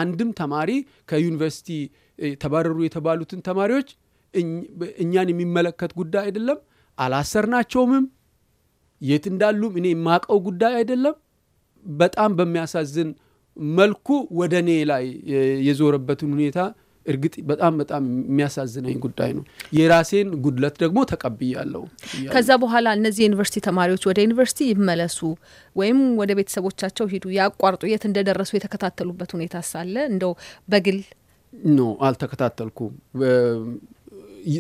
አንድም ተማሪ ከዩኒቨርሲቲ ተባረሩ የተባሉትን ተማሪዎች እኛን የሚመለከት ጉዳይ አይደለም። አላሰርናቸውምም። የት እንዳሉም እኔ የማቀው ጉዳይ አይደለም። በጣም በሚያሳዝን መልኩ ወደ እኔ ላይ የዞረበትን ሁኔታ እርግጥ በጣም በጣም የሚያሳዝነኝ ጉዳይ ነው። የራሴን ጉድለት ደግሞ ተቀብያለሁ። ከዛ በኋላ እነዚህ ዩኒቨርሲቲ ተማሪዎች ወደ ዩኒቨርሲቲ ይመለሱ ወይም ወደ ቤተሰቦቻቸው ሂዱ ያቋርጡ፣ የት እንደደረሱ የተከታተሉበት ሁኔታ ሳለ እንደው በግል ኖ አልተከታተልኩም።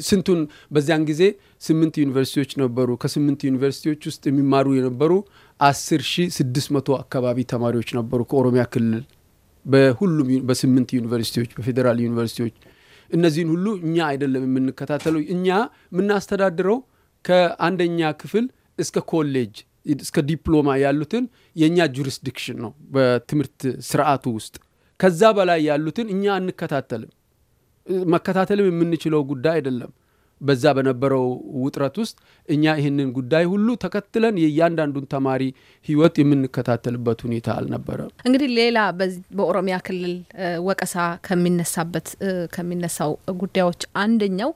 ስንቱን በዚያን ጊዜ ስምንት ዩኒቨርሲቲዎች ነበሩ። ከስምንት ዩኒቨርሲቲዎች ውስጥ የሚማሩ የነበሩ አስር ሺ ስድስት መቶ አካባቢ ተማሪዎች ነበሩ ከኦሮሚያ ክልል በሁሉም በስምንት ዩኒቨርሲቲዎች በፌዴራል ዩኒቨርሲቲዎች እነዚህን ሁሉ እኛ አይደለም የምንከታተለው። እኛ የምናስተዳድረው ከአንደኛ ክፍል እስከ ኮሌጅ እስከ ዲፕሎማ ያሉትን የእኛ ጁሪስዲክሽን ነው በትምህርት ስርዓቱ ውስጥ። ከዛ በላይ ያሉትን እኛ አንከታተልም። መከታተልም የምንችለው ጉዳይ አይደለም። በዛ በነበረው ውጥረት ውስጥ እኛ ይህንን ጉዳይ ሁሉ ተከትለን የእያንዳንዱን ተማሪ ህይወት የምንከታተልበት ሁኔታ አልነበረ። እንግዲህ ሌላ በኦሮሚያ ክልል ወቀሳ ከሚነሳበት ከሚነሳው ጉዳዮች አንደኛው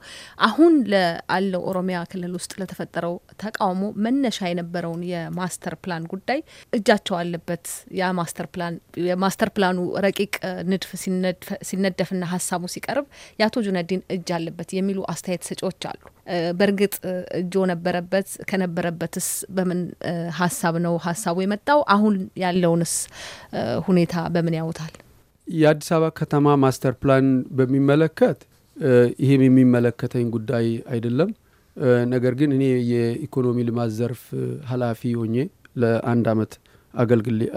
አሁን ለአለው ኦሮሚያ ክልል ውስጥ ለተፈጠረው ተቃውሞ መነሻ የነበረውን የማስተር ፕላን ጉዳይ እጃቸው አለበት። ያ ማስተር ፕላን የማስተር ፕላኑ ረቂቅ ንድፍ ሲነደፍና ሀሳቡ ሲቀርብ የአቶ ጁነዲን እጅ አለበት የሚሉ አስተያየት ሰጪዎች ሰዎች አሉ። በእርግጥ እጆ ነበረበት? ከነበረበትስ በምን ሀሳብ ነው ሀሳቡ የመጣው? አሁን ያለውንስ ሁኔታ በምን ያውታል? የአዲስ አበባ ከተማ ማስተር ፕላን በሚመለከት ይሄም የሚመለከተኝ ጉዳይ አይደለም። ነገር ግን እኔ የኢኮኖሚ ልማት ዘርፍ ኃላፊ ሆኜ ለአንድ አመት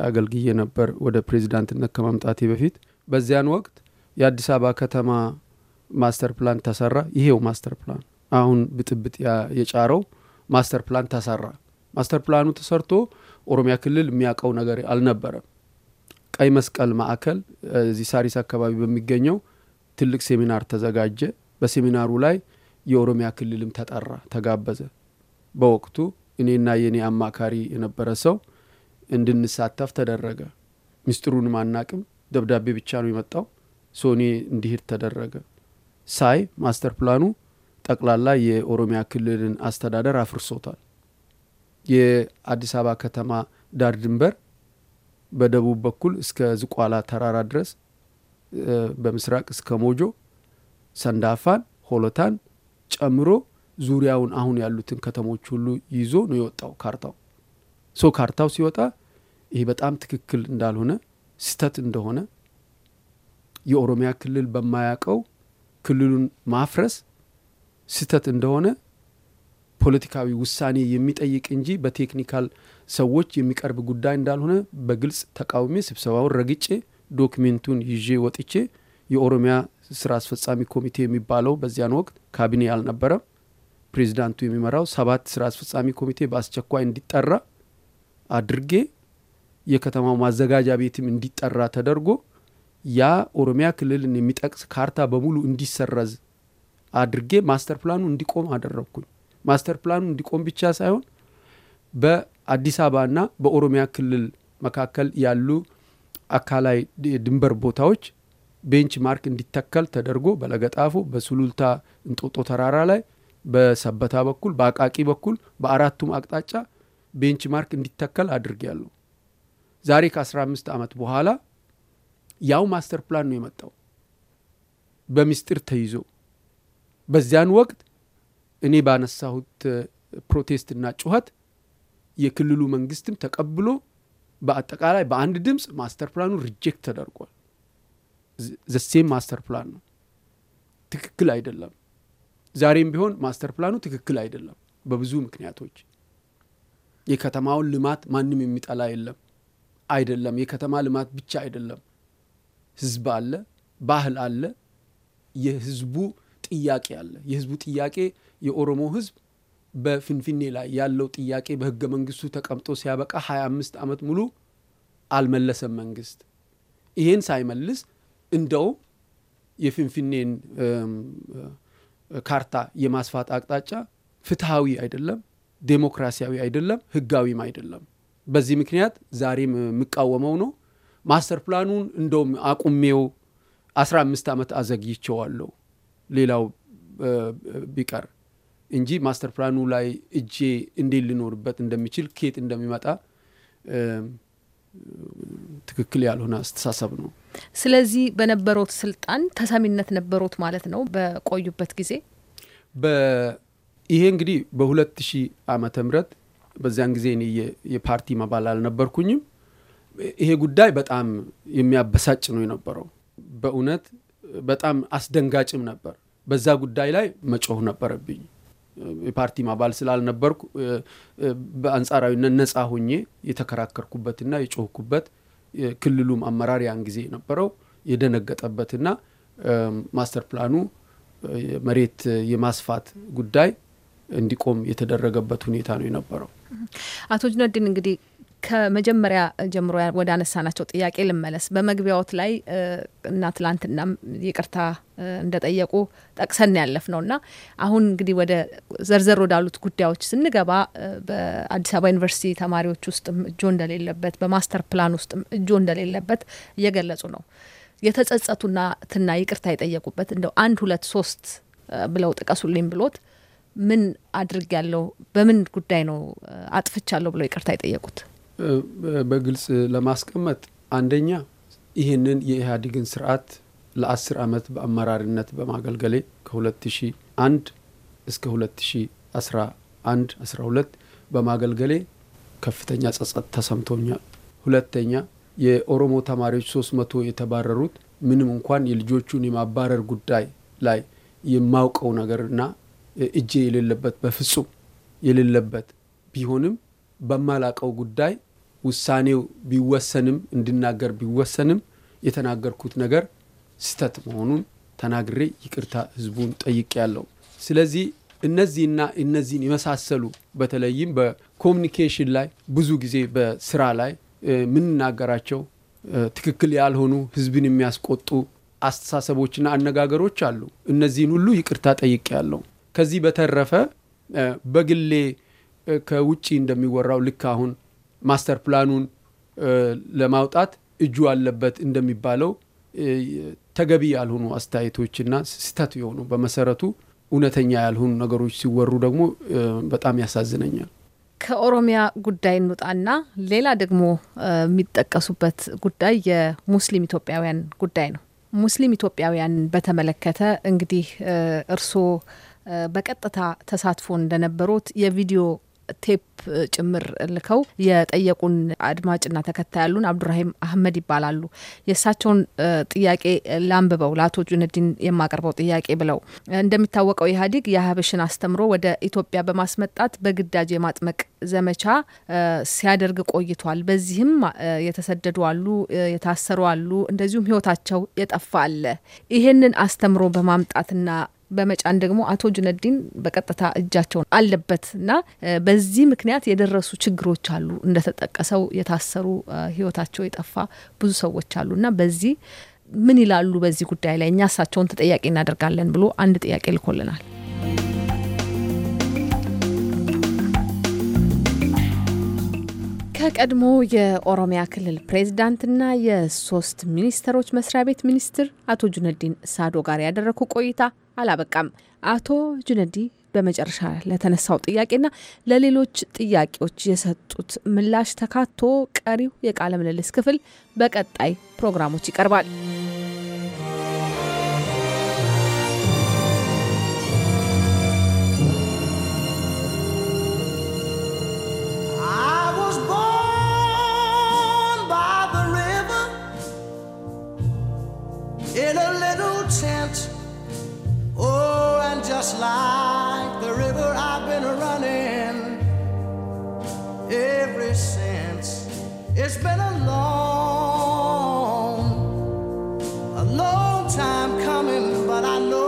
አገልግዬ ነበር ወደ ፕሬዚዳንትነት ከማምጣቴ በፊት። በዚያን ወቅት የአዲስ አበባ ከተማ ማስተር ፕላን ተሰራ። ይሄው ማስተር ፕላን አሁን ብጥብጥ የጫረው ማስተር ፕላን ተሰራ። ማስተር ፕላኑ ተሰርቶ ኦሮሚያ ክልል የሚያውቀው ነገር አልነበረም። ቀይ መስቀል ማዕከል እዚህ ሳሪስ አካባቢ በሚገኘው ትልቅ ሴሚናር ተዘጋጀ። በሴሚናሩ ላይ የኦሮሚያ ክልልም ተጠራ፣ ተጋበዘ። በወቅቱ እኔና የእኔ አማካሪ የነበረ ሰው እንድንሳተፍ ተደረገ። ሚስጢሩንም አናቅም፣ ደብዳቤ ብቻ ነው የመጣው። ሶኔ እንዲሄድ ተደረገ። ሳይ ማስተር ፕላኑ ጠቅላላ የኦሮሚያ ክልልን አስተዳደር አፍርሶታል። የአዲስ አበባ ከተማ ዳር ድንበር በደቡብ በኩል እስከ ዝቋላ ተራራ ድረስ፣ በምስራቅ እስከ ሞጆ፣ ሰንዳፋን፣ ሆለታን ጨምሮ ዙሪያውን አሁን ያሉትን ከተሞች ሁሉ ይዞ ነው የወጣው ካርታው። ሶ ካርታው ሲወጣ ይሄ በጣም ትክክል እንዳልሆነ ስህተት እንደሆነ የኦሮሚያ ክልል በማያውቀው ክልሉን ማፍረስ ስህተት እንደሆነ ፖለቲካዊ ውሳኔ የሚጠይቅ እንጂ በቴክኒካል ሰዎች የሚቀርብ ጉዳይ እንዳልሆነ በግልጽ ተቃውሜ ስብሰባውን ረግጬ ዶክሜንቱን ይዤ ወጥቼ የኦሮሚያ ስራ አስፈጻሚ ኮሚቴ የሚባለው በዚያን ወቅት ካቢኔ አልነበረም። ፕሬዚዳንቱ የሚመራው ሰባት ስራ አስፈጻሚ ኮሚቴ በአስቸኳይ እንዲጠራ አድርጌ የከተማው ማዘጋጃ ቤትም እንዲጠራ ተደርጎ ያ ኦሮሚያ ክልልን የሚጠቅስ ካርታ በሙሉ እንዲሰረዝ አድርጌ ማስተር ፕላኑ እንዲቆም አደረግኩኝ። ማስተር ፕላኑ እንዲቆም ብቻ ሳይሆን በአዲስ አበባና በኦሮሚያ ክልል መካከል ያሉ አካላይ ድንበር ቦታዎች ቤንች ማርክ እንዲተከል ተደርጎ በለገጣፎ፣ በሱሉልታ እንጦጦ ተራራ ላይ፣ በሰበታ በኩል፣ በአቃቂ በኩል በአራቱም አቅጣጫ ቤንች ማርክ እንዲተከል አድርጌያለሁ። ዛሬ ከ15 ዓመት በኋላ ያው ማስተር ፕላን ነው የመጣው በምስጢር ተይዞ በዚያን ወቅት እኔ ባነሳሁት ፕሮቴስትና ጩኸት የክልሉ መንግስትም ተቀብሎ በአጠቃላይ በአንድ ድምፅ ማስተር ፕላኑ ሪጀክት ተደርጓል። ዘሴም ማስተር ፕላን ነው፣ ትክክል አይደለም። ዛሬም ቢሆን ማስተር ፕላኑ ትክክል አይደለም በብዙ ምክንያቶች። የከተማውን ልማት ማንም የሚጠላ የለም አይደለም። የከተማ ልማት ብቻ አይደለም። ህዝብ አለ፣ ባህል አለ፣ የህዝቡ ጥያቄ አለ። የህዝቡ ጥያቄ የኦሮሞ ህዝብ በፍንፍኔ ላይ ያለው ጥያቄ በህገ መንግስቱ ተቀምጦ ሲያበቃ 25 ዓመት ሙሉ አልመለሰም መንግስት። ይሄን ሳይመልስ እንደው የፍንፍኔን ካርታ የማስፋት አቅጣጫ ፍትሐዊ አይደለም፣ ዴሞክራሲያዊ አይደለም፣ ህጋዊም አይደለም። በዚህ ምክንያት ዛሬም የምቃወመው ነው። ማስተር ፕላኑን እንደውም አቁሜው 15 ዓመት አዘግይቸዋለሁ። ሌላው ቢቀር እንጂ ማስተር ፕላኑ ላይ እጄ እንዴት ልኖርበት እንደሚችል ኬት እንደሚመጣ ትክክል ያልሆነ አስተሳሰብ ነው። ስለዚህ በነበሮት ስልጣን ተሰሚነት ነበሮት ማለት ነው። በቆዩበት ጊዜ ይሄ እንግዲህ በሁለት ሺህ ዓመተ ምህረት በዚያን ጊዜ እኔ የፓርቲ መባል አልነበርኩኝም። ይሄ ጉዳይ በጣም የሚያበሳጭ ነው የነበረው በእውነት በጣም አስደንጋጭም ነበር። በዛ ጉዳይ ላይ መጮህ ነበረብኝ። የፓርቲም አባል ስላልነበርኩ በአንጻራዊነት ነፃ ሁኜ የተከራከርኩበትና የጮህኩበት ክልሉም አመራር ያን ጊዜ የነበረው የደነገጠበትና ማስተር ፕላኑ መሬት የማስፋት ጉዳይ እንዲቆም የተደረገበት ሁኔታ ነው የነበረው። አቶ ጁነዲን እንግዲህ ከመጀመሪያ ጀምሮ ወደ አነሳናቸው ጥያቄ ልመለስ። በመግቢያዎት ላይ እና ትላንትናም ይቅርታ እንደጠየቁ ጠቅሰን ያለፍ ነው እና አሁን እንግዲህ ወደ ዘርዘር ወዳሉት ጉዳዮች ስንገባ በአዲስ አበባ ዩኒቨርሲቲ ተማሪዎች ውስጥም እጆ እንደሌለበት፣ በማስተር ፕላን ውስጥም እጆ እንደሌለበት እየገለጹ ነው። የተጸጸቱና ትና ይቅርታ የጠየቁበት እንደው አንድ ሁለት ሶስት ብለው ጥቀሱልኝ ብሎት ምን አድርግ ያለው በምን ጉዳይ ነው አጥፍቻለሁ ብለው ይቅርታ የጠየቁት? በግልጽ ለማስቀመጥ አንደኛ ይህንን የኢህአዴግን ስርዓት ለአስር ዓመት በአመራሪነት በማገልገሌ ከ2001 እስከ 2011 12 በማገልገሌ ከፍተኛ ጸጸት ተሰምቶኛል። ሁለተኛ የኦሮሞ ተማሪዎች 300 የተባረሩት ምንም እንኳን የልጆቹን የማባረር ጉዳይ ላይ የማውቀው ነገርና እጄ የሌለበት በፍጹም የሌለበት ቢሆንም በማላቀው ጉዳይ ውሳኔው ቢወሰንም እንድናገር ቢወሰንም የተናገርኩት ነገር ስተት መሆኑን ተናግሬ ይቅርታ ህዝቡን ጠይቅ ያለው። ስለዚህ እነዚህና እነዚህን የመሳሰሉ በተለይም በኮሚኒኬሽን ላይ ብዙ ጊዜ በስራ ላይ የምንናገራቸው ትክክል ያልሆኑ ህዝብን የሚያስቆጡ አስተሳሰቦችና አነጋገሮች አሉ። እነዚህን ሁሉ ይቅርታ ጠይቅ ያለው። ከዚህ በተረፈ በግሌ ከውጭ እንደሚወራው ልክ አሁን ማስተር ፕላኑን ለማውጣት እጁ አለበት እንደሚባለው ተገቢ ያልሆኑ አስተያየቶችና ስህተት የሆኑ በመሰረቱ እውነተኛ ያልሆኑ ነገሮች ሲወሩ ደግሞ በጣም ያሳዝነኛል። ከኦሮሚያ ጉዳይ እንውጣና ሌላ ደግሞ የሚጠቀሱበት ጉዳይ የሙስሊም ኢትዮጵያውያን ጉዳይ ነው። ሙስሊም ኢትዮጵያውያን በተመለከተ እንግዲህ እርስዎ በቀጥታ ተሳትፎ እንደነበሩት የቪዲዮ ቴፕ ጭምር ልከው የጠየቁን አድማጭና ተከታይ ያሉን አብዱራሂም አህመድ ይባላሉ። የእሳቸውን ጥያቄ ላንብበው ለአቶ ጁነዲን የማቀርበው ጥያቄ ብለው እንደሚታወቀው ኢህአዴግ የሀበሽን አስተምሮ ወደ ኢትዮጵያ በማስመጣት በግዳጅ የማጥመቅ ዘመቻ ሲያደርግ ቆይቷል። በዚህም የተሰደዱ አሉ፣ የታሰሩ አሉ፣ እንደዚሁም ህይወታቸው የጠፋ አለ። ይህንን አስተምሮ በማምጣትና በመጫን ደግሞ አቶ ጁነዲን በቀጥታ እጃቸውን አለበት እና በዚህ ምክንያት የደረሱ ችግሮች አሉ። እንደተጠቀሰው የታሰሩ ህይወታቸው የጠፋ ብዙ ሰዎች አሉ እና በዚህ ምን ይላሉ? በዚህ ጉዳይ ላይ እኛ እሳቸውን ተጠያቂ እናደርጋለን ብሎ አንድ ጥያቄ ልኮልናል። ከቀድሞ የኦሮሚያ ክልል ፕሬዝዳንትና የሶስት ሚኒስተሮች መስሪያ ቤት ሚኒስትር አቶ ጁነዲን ሳዶ ጋር ያደረኩ ቆይታ አላበቃም። አቶ ጁነዲ በመጨረሻ ለተነሳው ጥያቄና ለሌሎች ጥያቄዎች የሰጡት ምላሽ ተካቶ ቀሪው የቃለ ምልልስ ክፍል በቀጣይ ፕሮግራሞች ይቀርባል። Oh, and just like the river I've been running ever since. It's been a long, a long time coming, but I know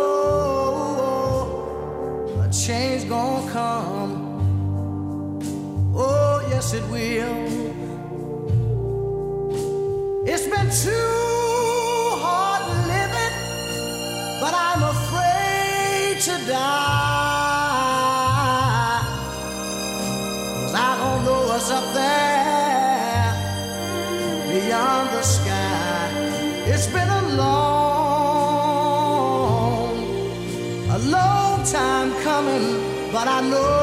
a change gonna come. Oh, yes, it will. It's been too what I know.